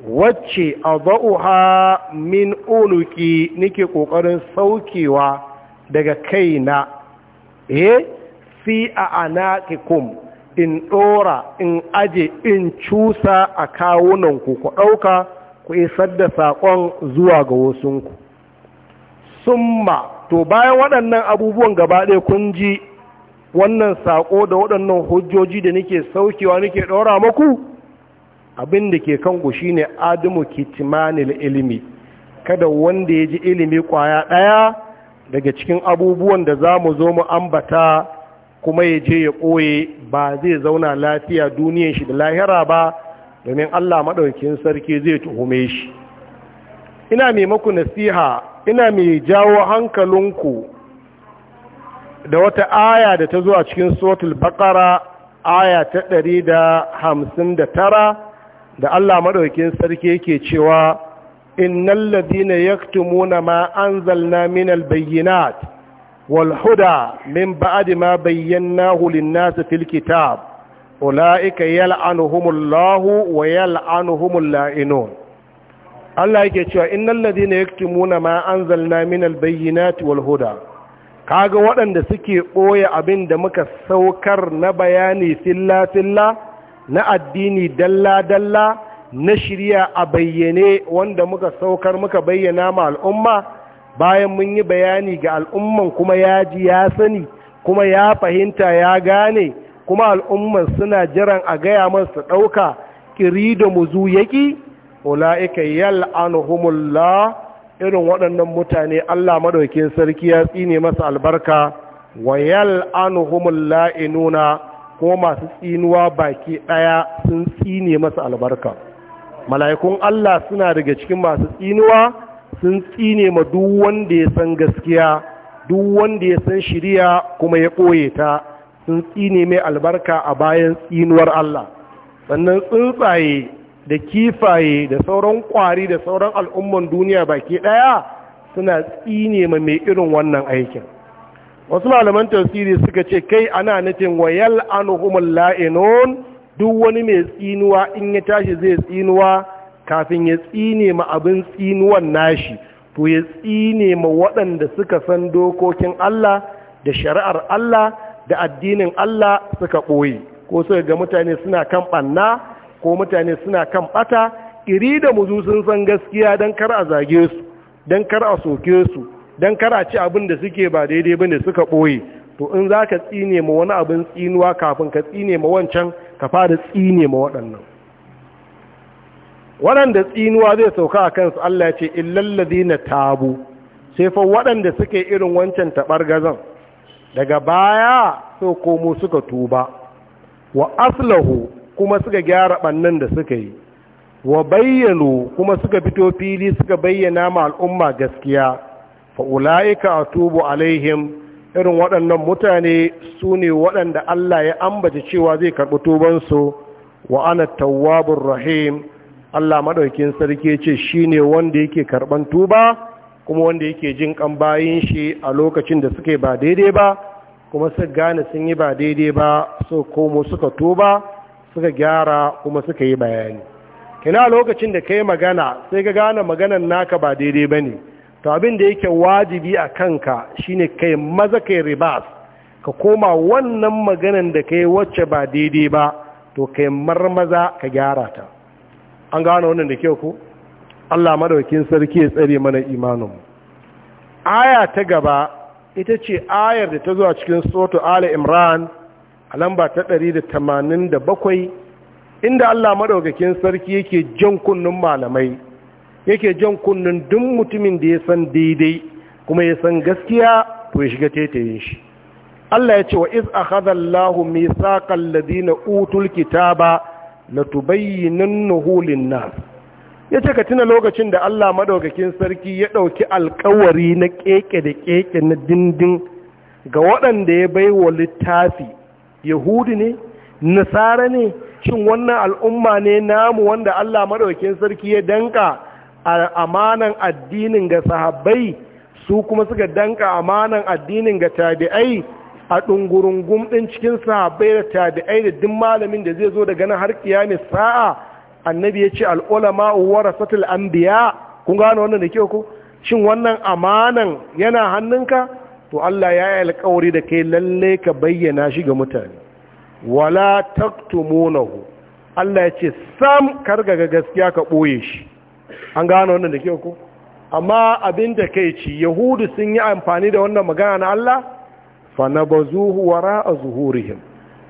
wacce a ba'uha min unuki nike ƙoƙarin saukewa daga kaina eh fi a in ɗora in aje in cusa a kawunanku ku ɗauka ku isar da saƙon zuwa ga wasunku summa to bayan waɗannan abubuwan gaba ɗaya kun ji wannan saƙo da waɗannan hujjoji da nike saukewa nike ɗora maku? abin da ke kanku shine adamu kitimanil ilimi kada wanda ya ji ilimi kwaya ɗaya daga cikin abubuwan da za mu zo mu ambata kuma ya je ya ɓoye ba zai zauna lafiya duniyan shi da lahira ba domin allah maɗaukin sarki zai tuhume shi ina mai maku nasiha ina mai jawo hankalinku da wata aya da ta zo a cikin sotul bakara aya ta ɗari da hamsin da tara da Allah madaukakin sarki yake cewa innal ladina yaktumuna ma anzalna minal wal huda min ba'di ma bayyanahu lin-nas fil kitab ulaika yal'anuhumullahu wa yal'anuhumul la'inun Allah yake cewa innal ladina yaktumuna ma anzalna minal wal huda kaga waɗanda suke ɓoye abin da muka saukar na bayani filla-filla na addini dalla-dalla na shirya a bayyane wanda muka saukar muka bayyana ma al'umma bayan mun yi bayani ga al'umman kuma ya ji ya sani kuma ya fahimta ya gane kuma al'umman suna jiran a gaya masu ɗauka ƙiri da muzu yaƙi ula'ika yal'anuhumullah irin waɗannan mutane Allah maɗaukin sarki ya tsine masa albarka wa yal'anuhumul inuna. ko masu tsinuwa baki ɗaya sun tsine masa albarka mala'ikun Allah suna daga cikin masu tsinuwa sun tsine ma duk wanda ya san gaskiya duk wanda ya san shiriya kuma ya ɓoye ta sun tsine mai albarka a bayan tsinuwar Allah sannan tsuntsaye da kifaye da sauran kwari da sauran al'umman duniya baki ɗaya suna tsine ma mai irin wannan aikin wasu malaman tafsiri suka ce kai ana nufin wayal anuhumul la'inun duk wani mai tsinuwa in ya tashi zai tsinuwa kafin ya tsine ma abin tsinuwan nashi to ya tsine ma waɗanda suka san dokokin Allah da shari'ar Allah da addinin Allah suka ɓoye ko suka ga mutane suna kan ɓanna ko mutane suna kan ɓata iri da muzu sun san gaskiya don kar a zage su don kar a soke su don kara ci abin da suke ba daidai bane suka ɓoye to in za ka tsine ma wani abin tsinuwa kafin ka tsine ma wancan ka fara tsine ma waɗannan waɗanda tsinuwa zai sauka a kansu Allah ya ce illallazi na tabu sai fa waɗanda suke irin wancan taɓar gazan daga baya so komo suka tuba wa aslahu kuma suka gyara ɓannan da suka yi wa bayyano kuma suka fito fili suka bayyana ma al'umma gaskiya fa ulaika atubu alaihim irin waɗannan mutane su ne waɗanda Allah ya ambaci cewa zai karɓi tubansu wa ana tawwabur rahim Allah maɗaukin sarki ce shi ne wanda yake karɓan tuba kuma wanda yake jin ƙan bayin shi a lokacin da suke ba daidai ba kuma su gane sun yi ba daidai ba su komo suka tuba suka gyara kuma suka yi bayani kina lokacin da ka yi magana sai ka gane maganan naka ba daidai ba ne to abin da yake wajibi a kanka shine kai maza kai ribas ka koma wannan maganan da kai wacce ba daidai ba to kai marmaza ka gyara ta an gano wannan da kyau ko Allah madaukin sarki ya tsare mana imanin aya ta gaba ita ce ayar da ta zuwa cikin soto ala imran a lamba ta 187 inda Allah madaukakin sarki yake jan kunnun malamai yake jan kunnen duk mutumin da ya san daidai kuma ya san gaskiya to ya shiga tetayin shi Allah ya ce wa iz akhadha Allahu mithaqa ladina utul kitaba latubayyinannahu lin-nas yace ka tuna lokacin da Allah madaukakin sarki ya dauki alƙawari na keke da keke na dindin ga waɗanda ya baiwa littafi yahudi ne nasara ne shin wannan al'umma ne namu wanda Allah madaukakin sarki ya danka A amanan addinin ga sahabbai su kuma suka danka amanan addinin ga tabi'ai a ɗungurungun ɗin cikin sahabbai da tabi'ai da duk malamin da zai zo daga nan har kiyami sa'a annabi ya ce al'ulama warasatul anbiya kun gano wannan da kyau ko shin wannan amanan yana hannunka to Allah ya yi alkawari da kai lalle ka bayyana shi ga mutane wala taktumunahu Allah ya ce sam karga ga gaskiya ka ɓoye shi an gano wannan da ke ku amma abin da kai ci yahudu sun yi amfani da wannan magana na Allah fa nabazuhu a zuhurihim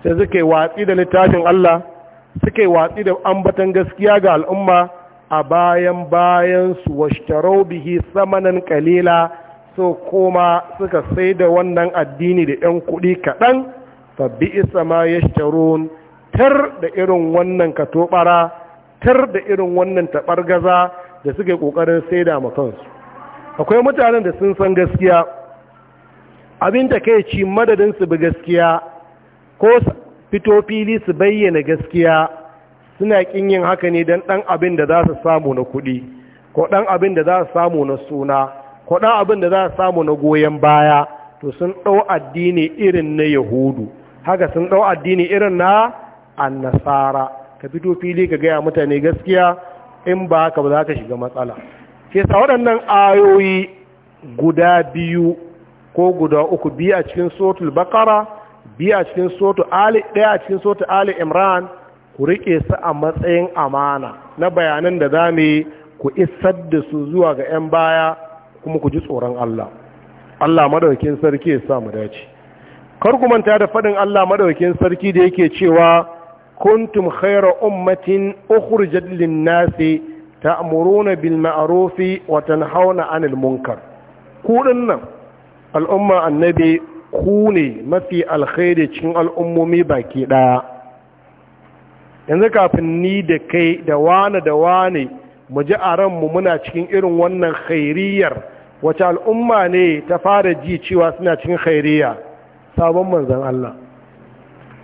sai suke watsi da littafin Allah suke watsi da ambatan gaskiya ga al'umma a bayan bayan su washtarau bihi samanan kalila so koma suka sai da wannan addini da ɗan kuɗi kaɗan fa bi isa ma yashtarun tar da irin wannan katobara tar da irin wannan gaza da suke ƙoƙarin sai da kansu akwai mutanen da sun san gaskiya abin da kai ci madadin su bi gaskiya ko fito fili su bayyana gaskiya suna ƙin yin haka ne don ɗan abin da za su samu na kuɗi ko ɗan abin da za su samu na suna ko ɗan abin da za su samu na goyon baya to sun ɗau addini irin na yahudu haka sun ɗau addini irin na annasara ka fito fili ka gaya mutane gaskiya in ba haka ba za ka shiga matsala ke sa waɗannan ayoyi guda biyu ko guda uku biyu a cikin sotul bakara biyu cikin sotu ali ɗaya a cikin sotu ali imran ku riƙe su a matsayin amana na bayanan da za mu yi ku isar da su zuwa ga 'yan baya kuma ku ji tsoron Allah Allah madaukin sarki ya sa mu dace kar ku manta da faɗin Allah madaukin sarki da yake cewa kuntum khayra ummatin ukhrijat lin-nasi ta'muruna bil ma'rufi wa tanhauna 'anil munkar Kuɗin dinnan al'umma annabi ku ne mafi alkhairi cikin al'ummomi baki ɗaya. yanzu kafin ni da kai da wane da wane mu ji a mu muna cikin irin wannan khairiyar wace al'umma ne ta fara ji cewa suna cikin khairiya sabon manzan Allah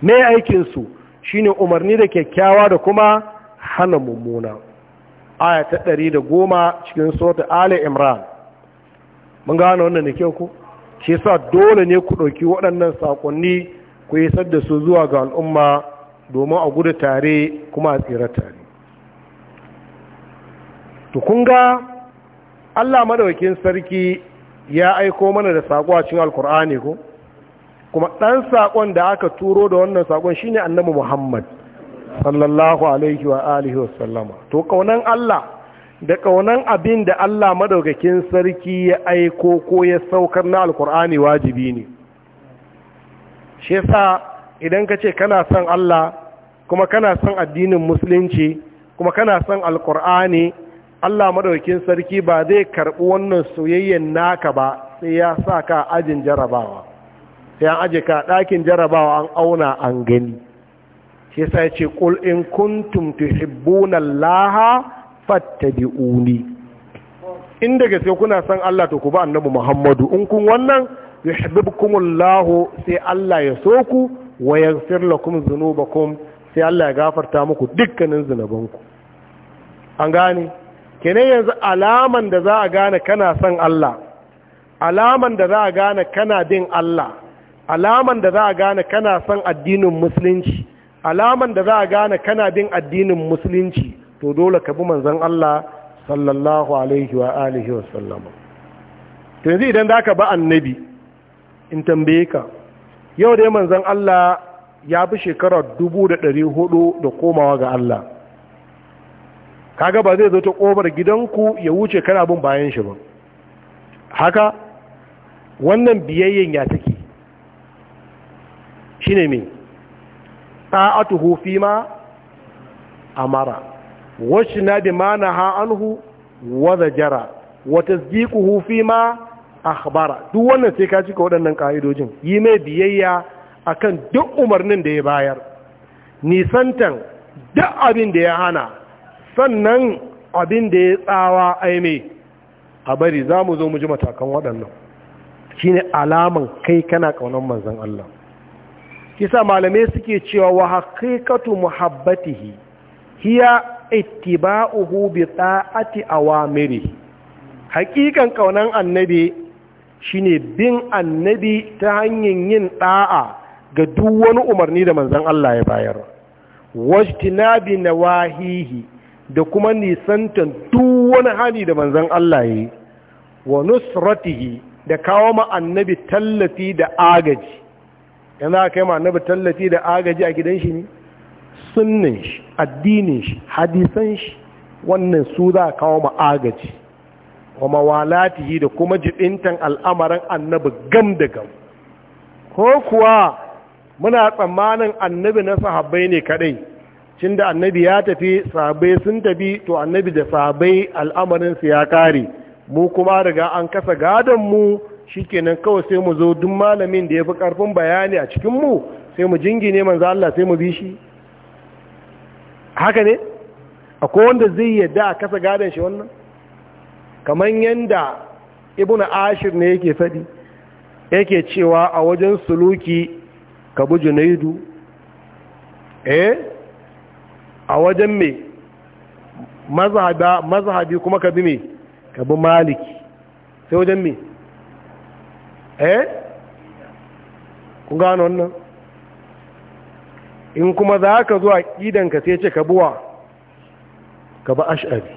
me aikinsu ne umarni da kyakkyawa da kuma hana mummuna aya ta ɗari da goma cikin sota ali imran mun gane wannan da kyau ku Ke sa dole ne ku ɗauki waɗannan saƙonni ku yi da su zuwa ga al'umma domin a gudu tare kuma a tsira tare to kun ga allah madawakin sarki ya aiko mana da saƙo a cikin alkur'ani ku? kuma ɗan saƙon da aka turo da wannan saƙon shine annabi muhammad sallallahu alaihi wa alihi wasallama to ƙaunan allah da ƙaunan abin da allah madaukakin sarki ya aiko ko ya saukar na alkur'ani wajibi ne shi sa idan ka ce kana son allah kuma kana son addinin musulunci kuma kana son alkur'ani allah madaukakin sarki ba zai karɓi wannan soyayyen naka ba sai ya sa ka ajin jarabawa sai an aje ka ɗakin jarabawa an auna an gani shi sai ya ce ƙul in kuntum tuhibbuna laha fattabi'uni in daga sai kuna san Allah to ku ba annabi Muhammadu in kun wannan yuhibbukumullahu sai Allah ya so ku wa yaghfir lakum dhunubakum sai Allah ya gafarta muku dukkanin zunubanku an gane kene yanzu alaman da za a gane kana son Allah alaman da za a gane kana din Allah alaman da za a gane kana son addinin musulunci alaman da za a gane kana bin addinin musulunci to dole ka bi manzon Allah sallallahu alaihi wa alihi wa sallama to yanzu idan zaka ba annabi in tambaye ka yau dai manzon Allah ya bi shekara dubu da da komawa ga Allah kaga ba zai zo ta kobar gidanku ya wuce kana bin bayan shi ba haka wannan biyayyen ya take shine me ta'atuhu fi ma amara na bi ma naha anhu wa zajara wa tasdiquhu fi ma akhbara duk wannan sai ka cika waɗannan ƙa'idojin, yi mai biyayya akan duk umarnin da ya bayar nisantan duk abin da ya hana sannan abin da ya tsawa aime a bari za mu zo mu ji matakan waɗannan Shi ne alaman kai kana ƙaunar manzon Allah kisa malamai suke cewa wa haƙiƙatu muhabbatihi hiya ittiba'uhu bi ta'ati awamiri haƙiƙan kaunan annabi shine bin annabi ta hanyar yin ɗa'a ga duk wani umarni da manzon Allah ya bayar na nawahihi da kuma nisantan duk wani hali da manzon Allah ya yi wa nusratihi da kawo ma annabi tallafi da agaji yanzu aka kai ma annabi tallafi da agaji a gidan shi ne sunnin shi addinin shi hadisan shi wannan su za a kawo ma agaji wa yi da kuma jibintan al'amarin annabi gam da gam ko kuwa muna tsammanin annabi na sahabbai ne kadai cin da annabi ya tafi sahabbai sun tafi to annabi da sahabbai al'amarin su ya kare mu kuma daga an kasa gadon mu shikenan kawai sai mu zo duk malamin da ya fi ƙarfin bayani a cikin mu sai mu jingine manzo Allah sai mu bi shi haka ne akwai wanda zai yadda a kasa gadon shi wannan kamar yanda ibnu ashir ne yake faɗi yake cewa a wajen suluki ka bi junaidu eh a wajen me mazhabi kuma ka bi me ka bi maliki sai wajen me eh ku gano wannan in kuma za ka zo a ƙidanka sai ce ka buwa ka ba ash'ari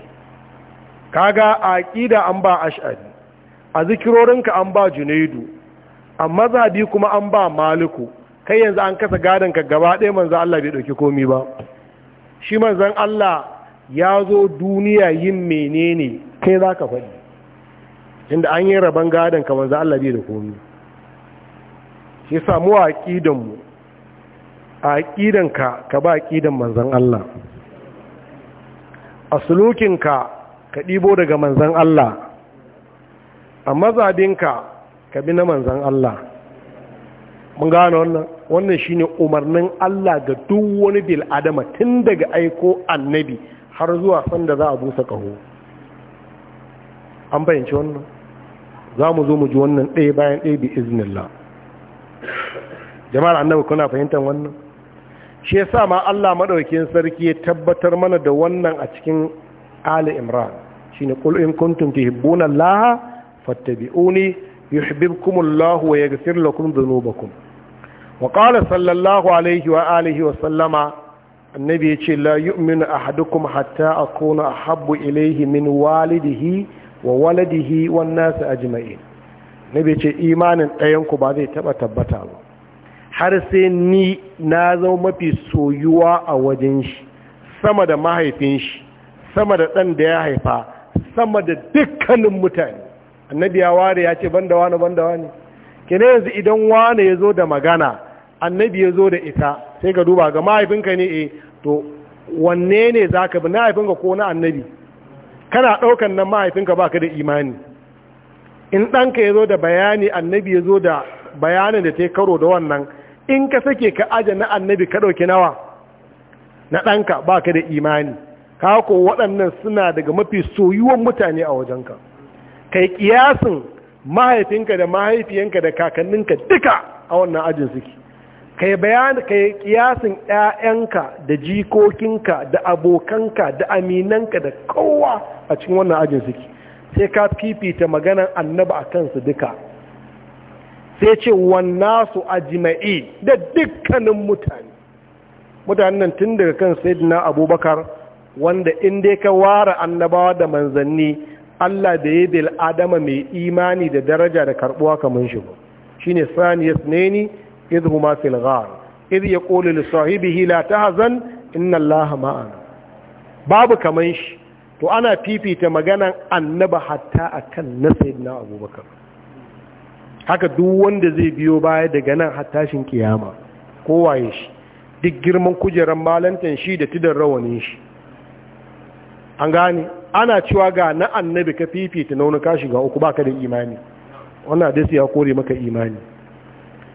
kaga a ƙida an ba ash'ari a zikirorinka an ba junaidu a mazhabi kuma an ba maliku kai yanzu an kasa ka gaba ɗaya manzan Allah bai ɗauki komi ba shi manzan Allah ya zo duniya yin menene kai za ka faɗi inda an yi rabon gadon kamar za Allah bai da komi shi samu a ƙidanmu a aƙidanka ka ba ƙidan manzan Allah a sulukinka ka ɗibo daga manzan Allah a mazabinka ka bi na manzan Allah mun gano wannan wannan shi ne umarnin Allah ga duk wani bil adama tun daga aiko annabi har zuwa sanda za a busa ƙaho an bayanci wannan za mu zo mu ji wannan ɗaya bayan ɗaya bi iznillah jama'ar annabi kuna fahimtar wannan shi sa ma Allah maɗaukin sarki ya tabbatar mana da wannan a cikin Ali Imran Shin qul in kuntum uni yi hibib kuma Allahu wa ya yaghfir lakum dhunubakum wa ƙala sallallahu alaihi wa alihi wa sallama annabi ya ce la a ahadukum hatta a akuna ahabbu ilaihi min walidihi wa waladihi wan nasu ajma'in nabi ce imanin ɗayanku ba zai taba tabbata ba har sai ni na zau mafi soyuwa a wajen shi sama da mahaifin shi sama da ɗan da ya haifa sama da dukkanin mutane annabi ya ware ya ce banda wani banda wani kene yanzu idan wani ya zo da magana annabi ya zo da ita sai ka duba ga mahaifinka ne eh to wanne ne za ka bi na haifinka ko na annabi kana ɗaukan nan mahaifinka ba ka da imani in ɗanka ya zo da bayani annabi ya zo da bayanin da ta karo da wannan in ka sake ka aje na annabi ka ɗauki nawa na ɗanka ba ka da imani kako waɗannan suna daga mafi soyuwan mutane a wajenka kai kiyasin mahaifinka da mahaifiyanka da kakanninka duka a wannan ajin suke kai bayani kai kiyasin 'ya'yanka da jikokinka da abokanka da aminanka da kowa a cikin wannan ajin suke sai ka fifita maganan annaba a kansu duka sai ce a jima’i da dukkanin mutane mutanen tun daga kan dina abubakar wanda inda ka ware annabawa da manzanni Allah da ya bil adama mai imani da daraja da karbuwa kamar shi shine saniyas ne ni idh هما في الغار idh يقول لصاحبه لا la tahzan الله معنا باب babu kaman shi to ana fifita maganan annaba hatta akan na abubakar haka duk wanda zai biyo baya daga nan hatashin tashin kiyama waye shi duk girman kujeran malantan shi da tidan rawanin shi an gane ana cewa ga na annabi ka fifita na wani ka shiga uku baka da imani wannan hadisi ya kore maka imani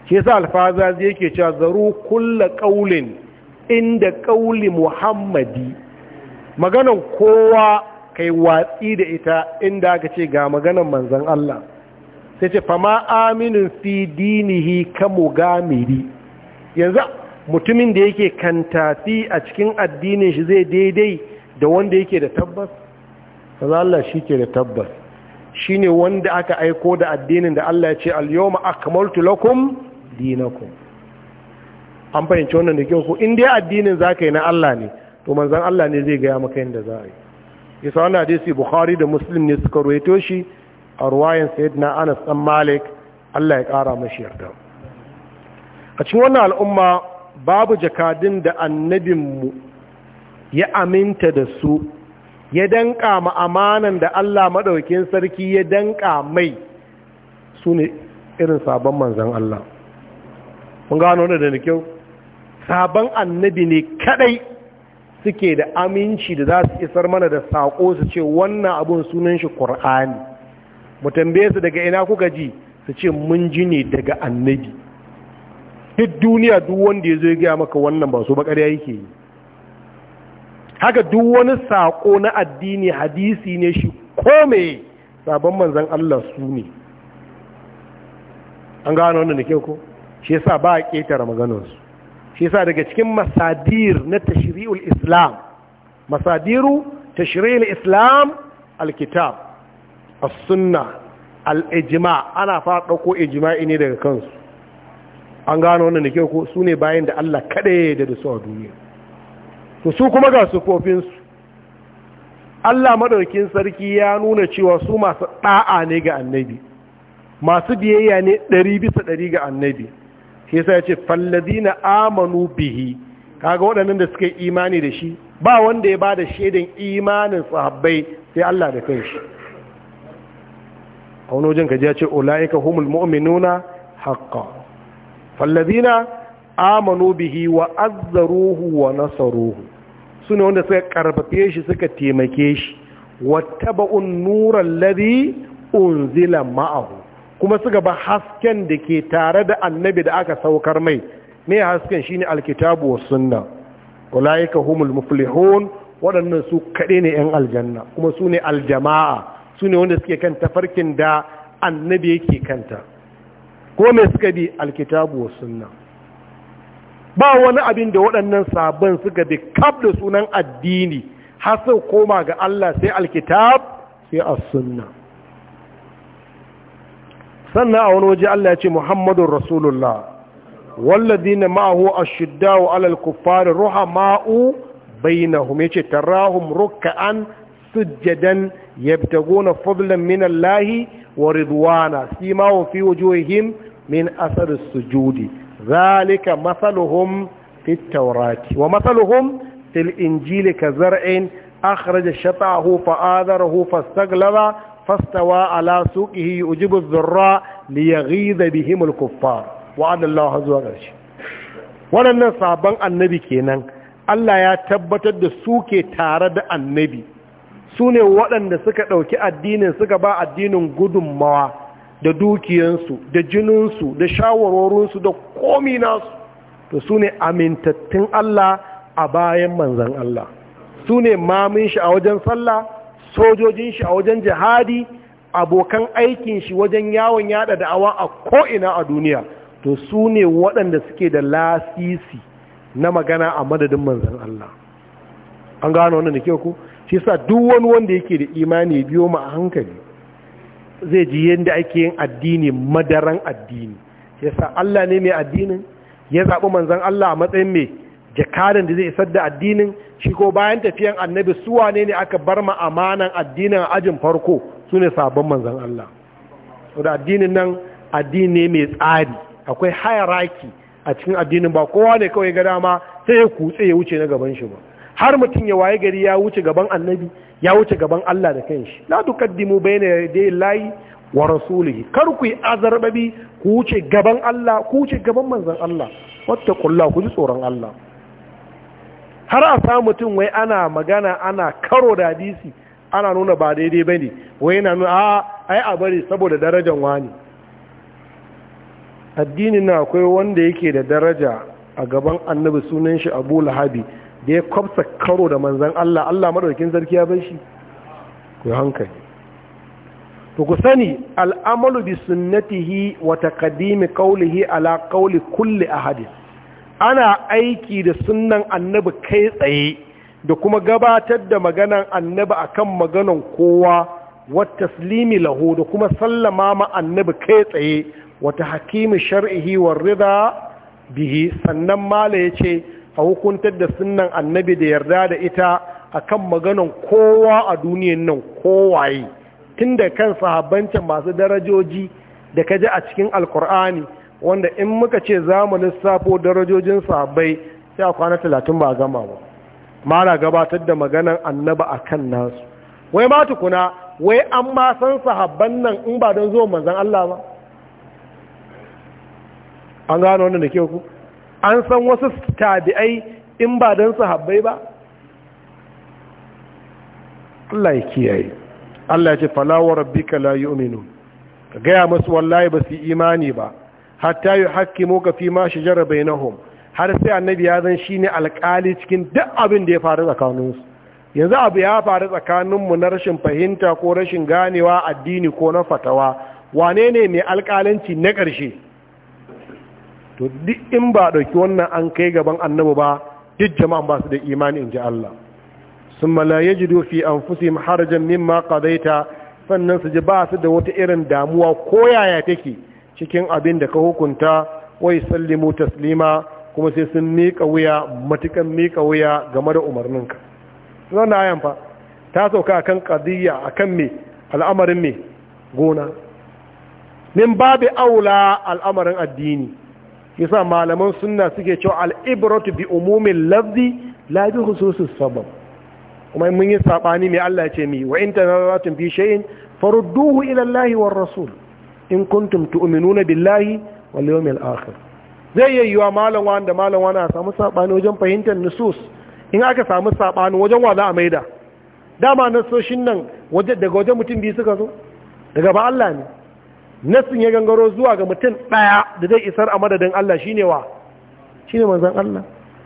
shi sa alfaza zai yake cewa zaru kulla kaulin, inda kauli muhammadi maganan kowa kai watsi da ita inda aka ce ga maganan manzan Allah sai ce fama aminin fi dinihi ka mugamiri yanzu mutumin da yake kantafi a cikin addinin shi zai daidai da wanda yake da tabbas kaza Allah shi ke da tabbas shi ne wanda aka aiko da addinin da Allah ya ce al yau ma'akamaltu lakum dinakum an fahimci wannan da kyau ko in dai addinin zaka yi na Allah ne to manzon Allah ne zai gaya maka yadda za a yi isa wannan hadisi bukhari da muslim ne suka ruwaito shi a ruwayan sayyidina anas dan malik Allah ya kara mashi yarda a cikin wannan al'umma babu jakadin da annabinmu ya aminta da su ya danka ma amanan da Allah madaukin sarki ya danka mai su ne irin sabon manzon Allah mun gano da da kyau sabon annabi ne kadai suke da aminci da za su isar mana da saƙo su ce wannan abun sunan shi ƙur'ani mu tambaye su daga ina kuka ji su ce mun ji ne daga annabi duk duniya duk wanda ya zo ya gaya maka wannan ba su bakar ya yake yi haka duk wani saƙo na addini hadisi ne shi kome sabon manzan Allah su ne an gano wannan da kyau ko shi yasa ba a ƙetare maganarsu shi yasa daga cikin masadir na tashri'ul islam masadiru tashri'ul islam alkitab as-sunna al-ijma ana fara dauko ijma'i ne daga kansu an gano wannan ne ko sune bayan da Allah kada ya yarda da su a duniya to su kuma ga sufofin su Allah madaukin sarki ya nuna cewa su masu da'a ne ga annabi masu biyayya ne 100 bisa 100 ga annabi shi yasa ce falladina amanu bihi kaga waɗannan da suka yi imani da shi ba wanda ya bada shaidan imanin sahabbai sai Allah da kanshi a wani wajen kaji ya ce ulaika humul mu'minuna haqqan falladina amanu bihi wa azzaruhu wa nasaruhu sune wanda suka karfafe shi suka taimake shi wattaba'un nuran ladhi unzila ma'ahu kuma suka ba hasken da ke tare da annabi da aka saukar mai ne hasken shine alkitabu was sunna ulaika humul muflihun waɗannan su kaɗai ne 'yan aljanna kuma su ne aljama'a su ne wanda suke kan tafarkin da annabi yake kanta ko mai suka bi alkitabu was sunna ba wani abin da waɗannan sabon suka bi kaf da sunan addini har koma ga Allah sai alkitab sai as-sunna سنة ونوجي الله يتي محمد رسول الله والذين معه الشداء على الكفار رحماء بينهم يتي تراهم ركعا سجدا يبتغون فضلا من الله ورضوانا سيما في وجوههم من أثر السجود ذلك مثلهم في التوراة ومثلهم في الإنجيل كزرع أخرج شطعه فآذره فاستغلظ fastawa ala suqihi ujibu zurra li yaghiza bihim al-kuffar wa'ada zuwa ƙarshe waɗannan sabon annabi kenan Allah ya tabbatar da suke tare da annabi su ne waɗanda suka ɗauki addinin suka ba addinin gudunmawa da dukiyansu da jininsu da shawarorinsu da komi nasu to su ne amintattun Allah a bayan manzan Allah su ne mamin shi a wajen sallah sojojin shi a wajen jihadi abokan aikin shi wajen yawon yada da'awa a ko'ina a duniya to su ne waɗanda suke da lasisi na magana a madadin manzan Allah an gano wannan da ke ku shi sa duk wani wanda yake da imani biyo ma a hankali zai ji yadda ake yin addini madaran addini shi sa Allah ne mai addinin ya zaɓi manzan Allah a matsayin mai jakadan da zai isar da addinin shi ko bayan tafiyan annabi su ne ne aka bar ma amanan addinin ajin farko su ne sabon manzan Allah da addinin nan addini ne mai tsari akwai hierarchy a cikin addinin ba kowa ne kawai ga dama sai ya kutse ya wuce na gaban shi ba har mutum ya waye gari ya wuce gaban annabi ya wuce gaban Allah da kanshi la tuqaddimu bayna yaday layi wa rasulihi kar ku azarbabi ku wuce gaban Allah ku wuce gaban manzon Allah kulla ku ji tsoron Allah har a samu mutum wai ana magana ana karo da hadisi ana nuna ba daidai ba ne wai yana nuna a ai a bari saboda darajar wani addini na akwai wanda yake da daraja a gaban annabi sunan shi abu lahabi da ya kwabsa karo da manzan allah allah madaukin sarki ya bai shi ku hankali to ku sani al'amalu bi sunnatihi wa taqdimi qawlihi ala qawli kulli ahadin ana aiki da sunan annabi kai tsaye da kuma gabatar da maganan annabi akan maganan kowa wata slimi laho, da kuma sallama ma annabi kai tsaye wata hakimi shar'ihi wa rida bihi sannan mala ya ce a hukuntar da sunan annabi da yarda da ita akan maganan kowa a duniyan nan kowaye tun da kan sahabbancin masu darajoji da ka ji a cikin alkur'ani wanda in muka ce za mu lissafo darajojin sahabbai sai a kwana talatin ba a gama ba mara gabatar da maganan annaba a kan nasu wai ma tukuna wai an ma san sahabban nan in ba don zuwa manzan Allah ba an gano wannan da ke ku an san wasu tabi'ai in ba don sahabbai ba Allah ya kiyaye Allah ya ce falawar rabbika la yu'minu ka gaya masu wallahi ba su imani ba hatta muka fi ma na hom har sai annabi ya zan ne alƙali cikin duk abin da ya faru tsakaninsu yanzu abu ya faru tsakaninmu na rashin fahimta ko rashin ganewa addini ko na fatawa wane ne mai alƙalanci na ƙarshe to duk in ba ɗauki wannan an kai gaban annabi ba duk jama'an ba su da imani in ji Allah sun mala ya jido an fusi harajan mimma ƙazaita sannan su ji ba su da wata irin damuwa ko yaya take cikin abin da ka hukunta wai sallimu taslima kuma sai sun miƙa wuya matukan miƙa wuya game da umarninka na ayan fa ta sauka kan qadiyya akan me al'amarin me gona min babu aula al'amarin addini yasa malaman sunna suke cewa ibratu bi umumin lafzi la bi sabab kuma mun yi sabani mai Allah ya ce mi wa in tanazatun fi shay'in farudduhu ila Allah war rasul in kuntum tu'minuna billahi wal yawmil akhir zai yayyuwa malam wanda malam wanda a samu sabani wajen fahimtar nusus in aka samu sabani wajen wa za a maida dama nasoshin nan daga wajen mutum biyu suka zo daga ba Allah ne nasin ya gangaro zuwa ga mutum daya da zai isar a madadin Allah shine wa shine manzon Allah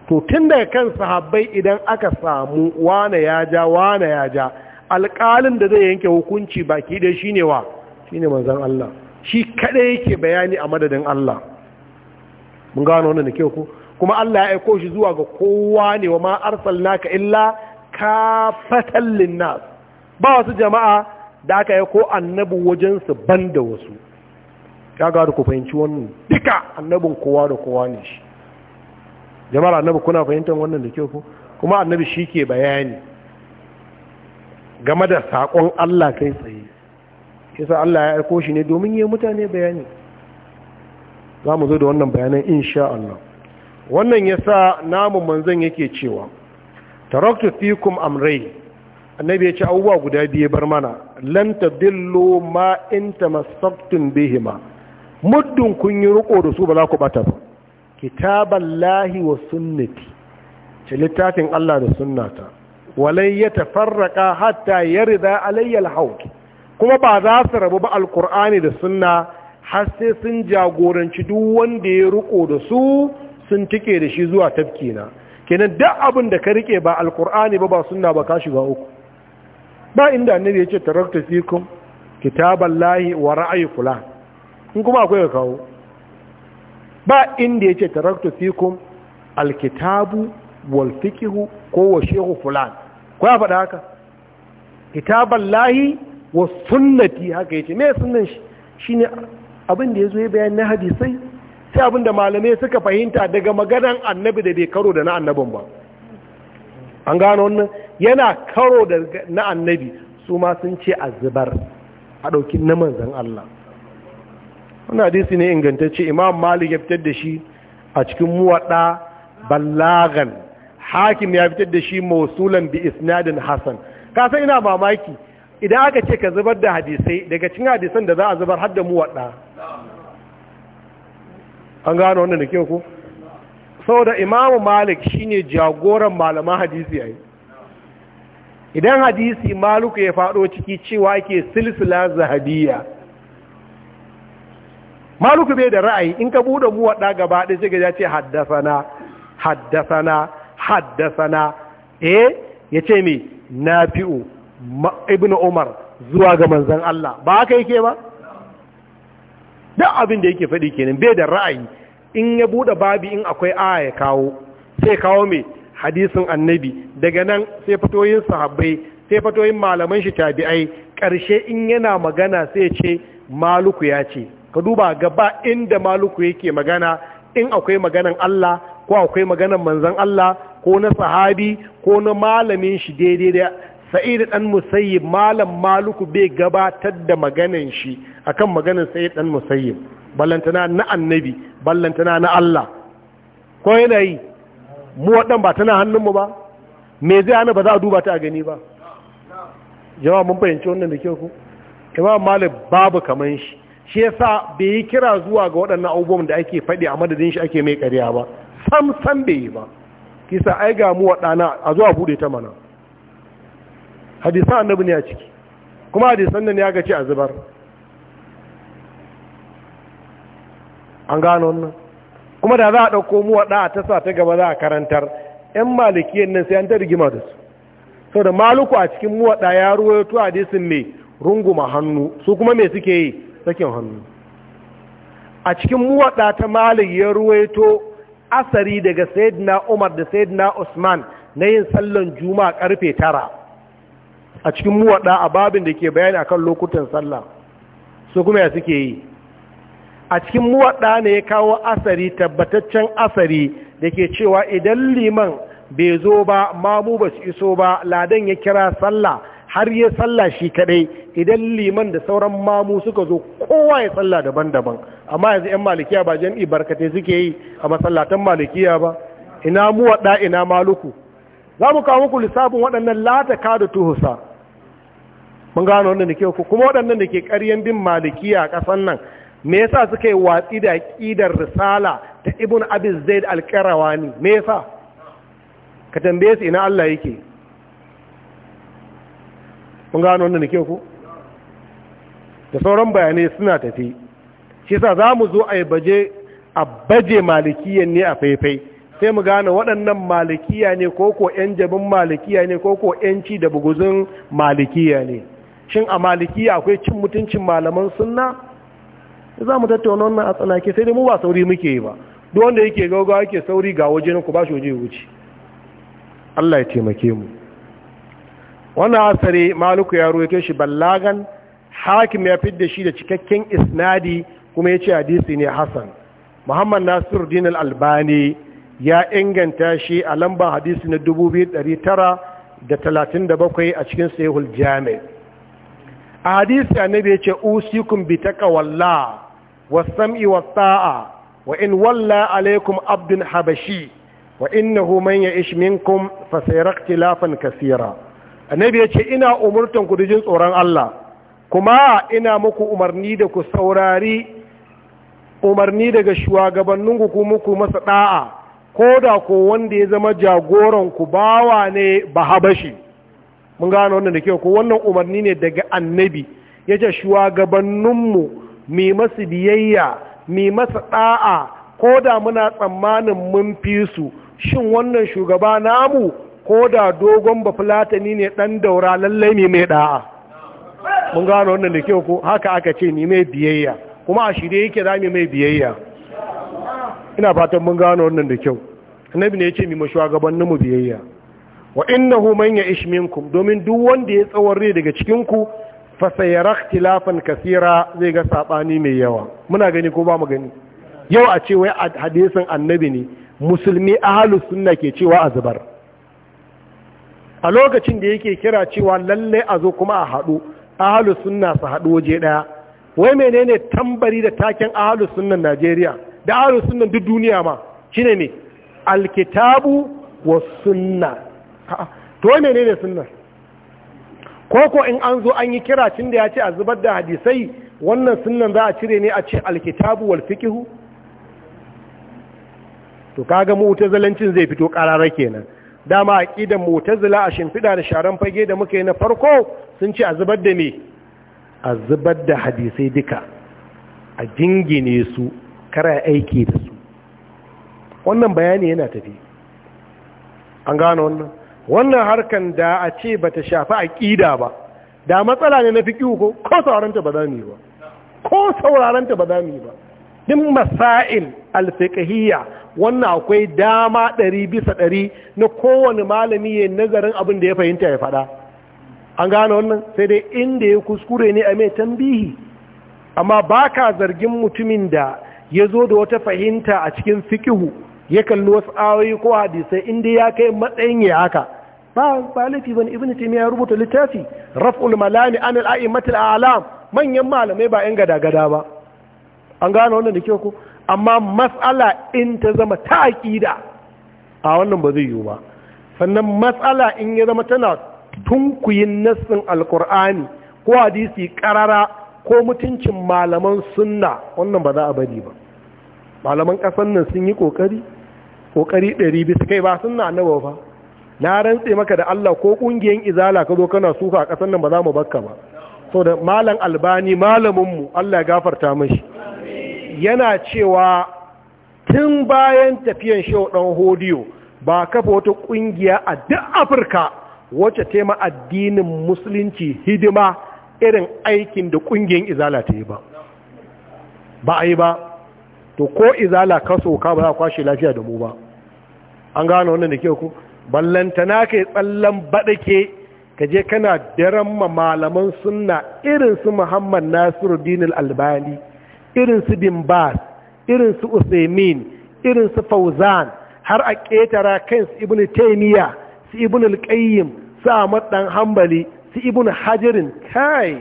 to tun daga kan sahabbai idan aka samu wane ya ja wane ya ja alƙalin da zai yanke hukunci baki da shine wa shine manzon Allah shi kaɗai yake bayani a madadin Allah mun gano wannan da kyau ku kuma Allah ya aiko shi zuwa ga kowa ne wa ma arsalnaka illa kafatan linnas ba wasu jama'a da aka yi ko annabi wajen su banda wasu ya ga ku fahimci wannan duka annabin kowa da kowa ne shi jama'ar annabi kuna fahimtar wannan da kyau ku kuma annabi shi ke bayani game da saƙon Allah kai tsaye shi sa Allah ya aiko shi ne domin yi mutane bayani za mu zo da wannan bayanan insha Allah wannan ya sa namun manzon yake cewa taraktu fikum amrai annabi ya ce abubuwa guda biyu bar mana lanta dillo ma in tamassaktum bihima muddin kun yi riko da su ba za ku bata ba lahi wa sunnati ce littafin Allah da sunnata walai ya tafarraka hatta yarda alayyal hauki kuma ba za su rabu ba alkur'ani da sunna har sai sun jagoranci duk wanda ya riko da su sun tike da shi zuwa tafki na kenan duk abin da ka rike ba alkur'ani ba ba sunna ba ka shiga uku ba inda annabi ya ce tarakta fikum kitaballahi wa ra'ayi fulan in kuma akwai ka kawo ba inda ya ce tarakta fikum alkitabu wal fiqhu ko wa shehu fulan ko ya faɗa haka kitaballahi wa sunnati haka yace me sunnan shi shine abin da yazo ya bayani na hadisi sai abin da malamai suka fahimta daga maganan annabi da bai karo da na annabin ba an gano wannan yana karo da na annabi su ma sun ce a a dauki na manzan Allah wannan hadisi ne ingantacce imam malik ya fitar da shi a cikin muwadda ballagan hakim ya fitar da shi mausulan bi isnadin hasan ka ina mamaki idan aka ce ka zubar da hadisai daga cikin hadisan da za a zubar har da mu waɗa an gano wannan da ke ku saboda imamu malik shine jagoran malaman hadisi yi, idan hadisi maluku ya faɗo ciki cewa ake silsila zahabiya maluku bai da ra'ayi in ka buɗe mu waɗa gaba ɗaya shiga ya ce haddasana haddasana haddasana eh yace me nafi'u ibn umar zuwa ga manzan Allah ba haka yake ba duk abin da yake faɗi kenan bai da ra'ayi in ya buɗe babi in akwai aya ya kawo sai kawo mai hadisin annabi daga nan sai fatoyin sahabbai sai fatoyin malaman shi tabi'ai Karshe in yana magana sai ce maluku ya ce ka duba gaba inda maluku yake magana in akwai maganan Allah ko akwai maganan manzan Allah ko na sahabi ko na malamin shi daidai da sa'id dan musayyib malam maluku bai gabatar da maganan shi akan maganan sa'id dan musayyib ballantana na annabi ballantana na Allah ko yana yi mu wadan ba tana hannunmu ba me zai hana ba za a duba ta a gani ba jama'a mun fahimci wannan da kyau ko kuma malam babu kaman shi shi yasa bai yi kira zuwa ga waɗannan abubuwan da ake faɗi a madadin shi ake mai ƙarya ba sam sam bai yi ba kisa ai ga mu waɗana a zuwa bude ta mana hadisan annabi ne a ciki kuma hadisan nan ya gace a zubar an gano wannan kuma da za a ɗauko mu waɗa a tasa ta gaba za a karantar 'yan malikiyan nan sai an ta rigima da su sau da maluku a cikin mu waɗa ya ruwaito hadisin mai runguma hannu su kuma mai suke yi sakin hannu a cikin mu waɗa ta malik ya ruwaito asari daga sayidina umar da sayidina usman na yin sallan juma'a karfe tara a cikin muwaɗa a babin da ke bayani a kan lokutan sallah su kuma ya suke yi a cikin muwaɗa ne ya kawo asari tabbataccen asari da ke cewa idan liman bai zo ba mamu ba su iso ba ladan ya kira sallah har ya sallah shi kadai idan liman da sauran mamu suka zo kowa ya sallah daban-daban amma yanzu 'yan malikiya ba jam'i barkatai suke yi a masallatan malikiya ba ina muwaɗa ina maluku za mu kawo muku lissafin waɗannan lataka da tuhusa mun gano wannan da ke ku kuma waɗannan da ke ƙaryen bin malikiya a ƙasan nan me yasa suka yi watsi da ƙidar risala ta ibn abin zaid ne, me yasa ka tambaye su ina Allah yake mun gano wannan da ke ku da sauran bayanai suna tafi shi sa za mu zo a yi baje a baje malikiyan ne a faifai sai mu gane waɗannan malikiya ne ko ko 'yan jabin malikiya ne ko ko 'yanci da buguzun malikiya ne shin a maliki akwai cin mutuncin malaman sunna za mu tattauna wannan a tsanake sai dai mu ba sauri muke yi ba duk wanda yake gaugawa yake sauri ga waje ku ba shi waje wuce Allah ya taimake mu wannan asare maluku ya ruwaito shi ballagan hakim ya fidda shi da cikakken isnadi kuma ya ce hadisi ne hasan muhammad nasiru din albani ya inganta shi a lambar hadisi na 2937 a cikin sahihul jami' a hadisi annabi ya ce usikun bi walla wa sami wa taa wa in walla alaikum abdun habashi wa innahu man ya'ish minkum fa sayara ikhtilafan kaseera annabi ya ce ina umurtan ku dijin tsoron Allah kuma ina muku umarni da ku saurari umarni daga shugabanninku ku muku masa da'a ko ko wanda ya zama jagoran ku bawa ne ba habashi mun gano wannan da kyau ko wannan umarni ne daga annabi ya ce shugabanninmu mai masu biyayya mai masa ɗa'a ko da muna tsammanin mun fi su shin wannan shugaba namu ko da dogon bafulatani ne ɗan daura lallai ne mai ɗa'a mun gano wannan da kyau ko haka aka ce ni mai biyayya kuma a shirye yake za mai biyayya ina fatan mun gano wannan da kyau annabi ne ya ce mai shugabanninmu biyayya wa innahu man ya'ish minkum domin duk wanda ya tsawon rai daga cikin ku fa sayara ikhtilafan kaseera zai ga sabani mai yawa muna gani ko ba mu gani yau a ce wai hadisin annabi ne musulmi ahlu sunna ke cewa azbar a lokacin da yake kira cewa lalle a zo kuma a hadu ahlu sunna su hadu waje daya, wai menene tambari da taken ahlu sunna Najeriya da ahlu sunna duk duniya ma shine ne alkitabu wa sunna to ne ne sunnar koko in an zo an yi kira tun da ya ce a zubar da hadisai wannan sunnan za a cire ne a ce alkitabu wal fiqhu to kaga mu'tazilancin zai fito karara kenan dama aqidan mu'tazila a shimfida da sharan fage da muka yi na farko sun ce a zubar da me a zubar da hadisai duka a jingine su kara aiki da su wannan bayani yana tafi an gano wannan wannan harkan da a ce ba ta shafi aƙida ba da matsala ne na fiƙi ko ko sauraranta ba za mu yi ba ko sauraranta ba za mu yi ba din masail alfiqhiyya wannan akwai dama ɗari bisa ɗari na kowane malami ya nazarin abin da ya fahimta ya faɗa an gane wannan sai dai inda ya kuskure ne a mai tambihi amma baka zargin mutumin da ya zo da wata fahimta a cikin fiƙihu ya kalli wasu ayoyi ko hadisai inda ya kai matsayin ya haka ba ba laifi bane ibnu ya rubuta littafi raf'ul malami an al-a'immatil a'lam manyan malamai ba yan gada gada ba an gano wannan da kyau ko amma mas'ala in ta zama ta aƙida, a wannan ba zai yiwu ba sannan matsala in ya zama tana tunkuyin nassin alkur'ani ko hadisi karara ko mutuncin malaman sunna wannan ba za a bari ba malaman kasan nan sun yi kokari kokari ɗari bisa kai ba sunna annabawa ba na rantse maka da Allah ko ƙungiyar izala ka zo kana suka a ƙasar nan ba za mu bakka ba So da malam albani malaminmu Allah ya gafarta mashi yana cewa tun bayan tafiyan shehu ɗan hodiyo ba kafa wata ƙungiya a duk afirka wacce tema addinin musulunci hidima irin aikin da ƙungiyar izala ta yi ba ba a yi ba to ko izala ka ba za a kwashe lafiya da mu ba an gano wannan da ke ku ballantana ka yi tsallan baɗake ka je kana daren ma malaman sunna irin su muhammad nasiru dinil albani irin su irinsu usaimin irinsu fauzan har a ƙetara kan su ibn taimiyya su ibn alƙayyim su ahmad ɗan hambali su ibn hajarin kai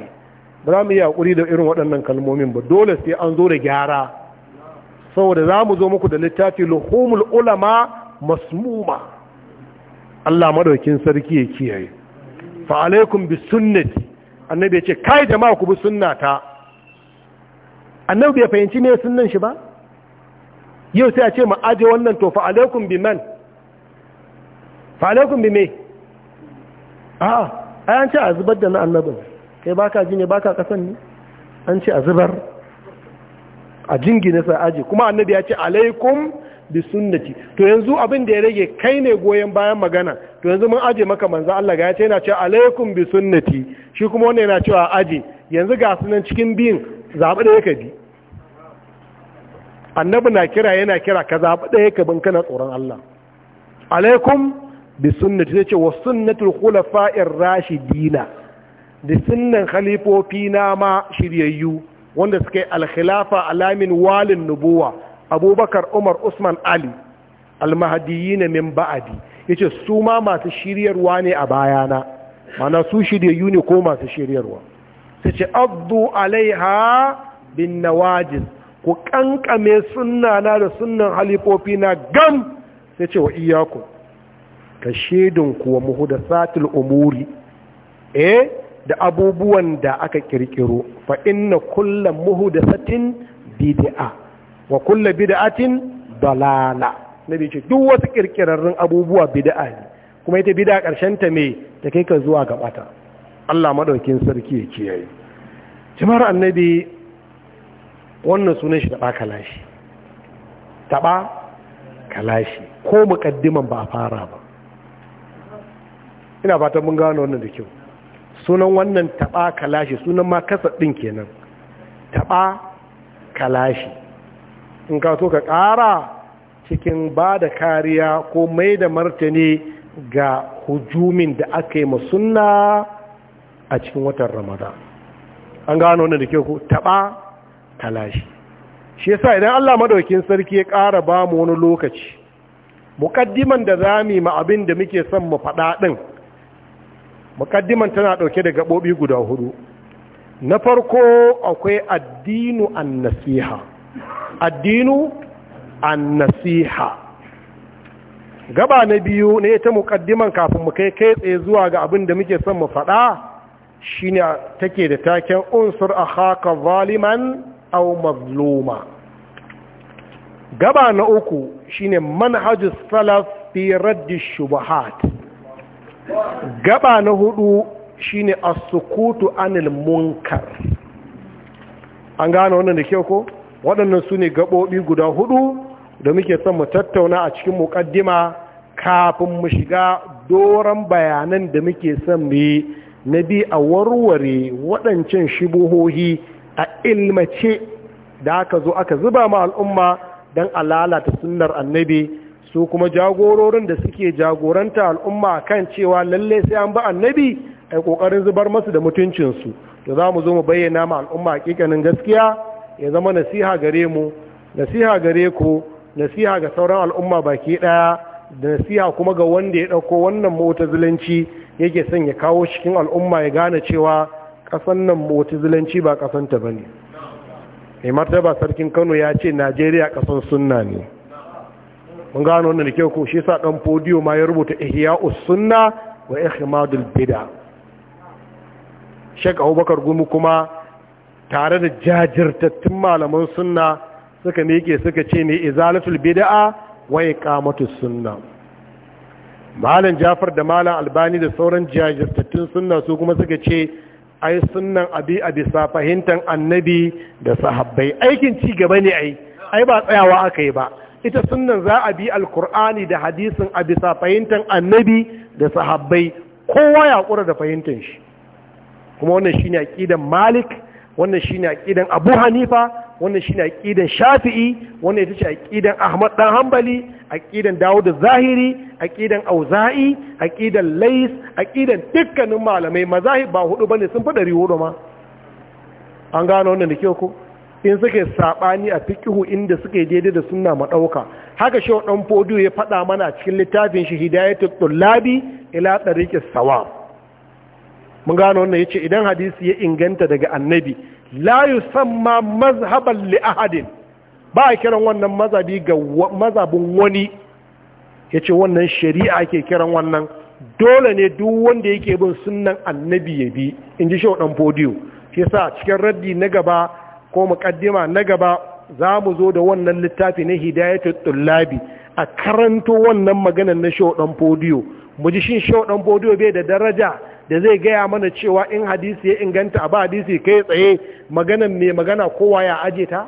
ba za mu yi haƙuri da irin waɗannan kalmomin ba dole sai an zo da gyara saboda za mu zo muku da littafi luhumul ulama masmuma Allah madaukin sarki ya kiyaye fa alaikum bi sunnati annabi ya ce kai jama'a ku bi sunnata annabi bai fahimci me sunnan shi ba yau sai a ce mu aje wannan to fa alaikum bi man fa alaikum bi me a'a ai an ce a zubar da na annabin kai baka ji ne baka kasan ne an ce a zubar a jingine sai aje kuma annabi ya ce alaikum bi sunnati to yanzu abin da ya rage kai ne goyen bayan magana to yanzu mun aje maka manzo Allah ga yace yana cewa alaikum bi sunnati shi kuma wannan yana cewa aje yanzu ga sunan cikin biyin zabi da yake bi annabi na kira yana kira ka zabi da yake bin kana tsoron Allah alaikum bi sunnati ce wa sunnatul khulafa'ir rashidina da sunnan khalifofi na ma shiryayyu wanda suka yi alkhilafa alamin walin nubuwa abubakar umar usman ali almahadiyi ne min ba'adi ya ce su ma masu shiryarwa ne a bayana mana su shiryayyu ne ko masu shiryarwa su ce abdu alaiha bin nawajin ku kankame sunana da sunnan halifofi na gam sai ce wa iyaku ka shaidun kuwa muhu da satil umuri eh da abubuwan da aka kirkiro fa inna kullum muhu da satin bid'a wa kulle bid'atin dalala nabi ce duk wasu kirkirarrun abubuwa bida'a ne kuma ita bid'a karshen ta me ta kai ka zuwa ga bata Allah madaukin sarki ya kiyaye jama'ar annabi wannan sunan shi taba kalashi taba kalashi ko mukaddiman ba a fara ba ina fatan mun gano wannan da kyau sunan wannan taba kalashi sunan ma kasa din kenan taɓa kalashi in ka so ka ƙara cikin ba da kariya ko mai da martani ga hujumin da aka yi masunna a cikin watan ramadan an gano wanda da ke ku taɓa talashi shi yasa idan allah madaukin sarki ya ƙara ba mu wani lokaci muƙaddiman da za mu yi ma abin da muke son mu faɗa ɗin muƙaddiman tana ɗauke da gaɓoɓi guda hudu na farko akwai addinu an nasiha addinu an-nasiha gaba na biyu ne ta muƙaddiman kafin mu kai kai tsaye zuwa ga abin da muke son mu faɗa shine take da taken unsur akhaka zaliman aw mazluma gaba na uku shine manhajus salaf fi raddi shubuhat gaba na hudu shine as-sukutu anil munkar an gane wannan da kyau ko waɗannan su ne gaɓoɓi guda hudu da muke son mu tattauna a cikin muƙaddima kafin mu shiga doron bayanan da muke son mu yi na bi a warware waɗancan shibuhohi a ilmace da aka zo aka zuba ma al'umma don a lalata sunnar annabi su kuma jagororin da suke jagoranta al'umma kan cewa lalle sai an ba annabi a ƙoƙarin zubar masu da mutuncinsu da za mu zo mu bayyana ma al'umma a ƙiƙanin gaskiya ya zama nasiha gare mu nasiha gare ku nasiha ga sauran al'umma baki ɗaya da nasiha kuma ga wanda ya dauko wannan mota zulunci yake son ya kawo cikin al'umma ya gane cewa kasan nan mota zulunci ba kasan ta bane. mai martaba sarkin kano ya ce najeriya ƙasan sunna ne mun gano wannan da kyau ko shi sa dan fodiyo ma ya rubuta us sunna wa ihmadul bid'a shek abubakar gumu kuma tare da jajirtattun malaman sunna suka miƙe suka ce ne izalatul bid'a wa iqamatu sunna malam Jafar da malam Albani da sauran jajirtattun sunna su kuma suka ce ai sunnan abi a bisa fahimtar annabi da sahabbai aikin ci gaba ne ai ai ba tsayawa aka yi ba ita sunnan za a bi alkur'ani da hadisin a bisa fahimtar annabi da sahabbai kowa ya kura da fahimtar shi kuma wannan shine aqidan Malik wannan shine aqidan Abu Hanifa wannan shine ƙidan Shafi'i wannan ita ce aqidan Ahmad dan Hanbali aqidan Dawud Zahiri aqidan Auza'i aqidan Lais aqidan dukkanin malamai mazahib ba hudu bane sun fi hudu ma an gano wannan da ke ko in suke saɓani a fikihu inda suke daidai da sunna madauka haka shi dan fodiyo ya faɗa mana cikin littafin shi hidayatul tullabi ila tariqis sawab mun gano wannan yace idan hadisi ya inganta daga annabi la yusamma mazhaban li ahadin ba a kiran wannan mazhabi ga mazhabin wani yace wannan shari'a ake kiran wannan dole ne duk wanda yake bin sunnan annabi ya bi ji shi dan podiyo shi yasa cikin raddi na gaba ko muqaddima na gaba za mu zo da wannan littafi na hidayatul tullabi a karanto wannan maganar na shehu dan podiyo mu ji shin shehu dan podiyo bai da daraja da zai gaya mana cewa in hadisi ya inganta a ba hadisi kai tsaye maganan mai magana kowa ya aje ta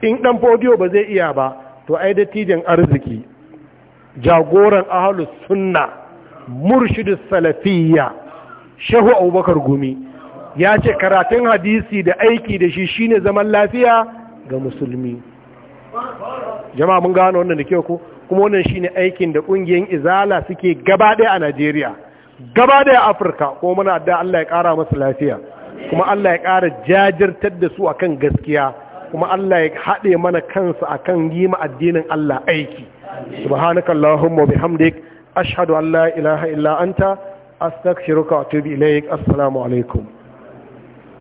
in ɗan fodiyo ba zai iya ba to ai da dattijan arziki jagoran ahalus sunna murshidu salafiyya shehu abubakar gumi ya ce karatun hadisi da aiki da shi shine zaman lafiya ga musulmi jama'a mun gano wannan da kyau ko kuma wannan shine aikin da ƙungiyar izala suke gaba ɗaya a Najeriya gaba ɗaya Afirka ko muna da Allah ya ƙara masu lafiya kuma Allah ya ƙara jajirtar da su akan gaskiya kuma Allah ya haɗe mana kansu akan yi ma addinin Allah aiki subhanakallahumma bihamdik ashhadu an la ilaha illa anta astaghfiruka wa atubu ilaik assalamu alaikum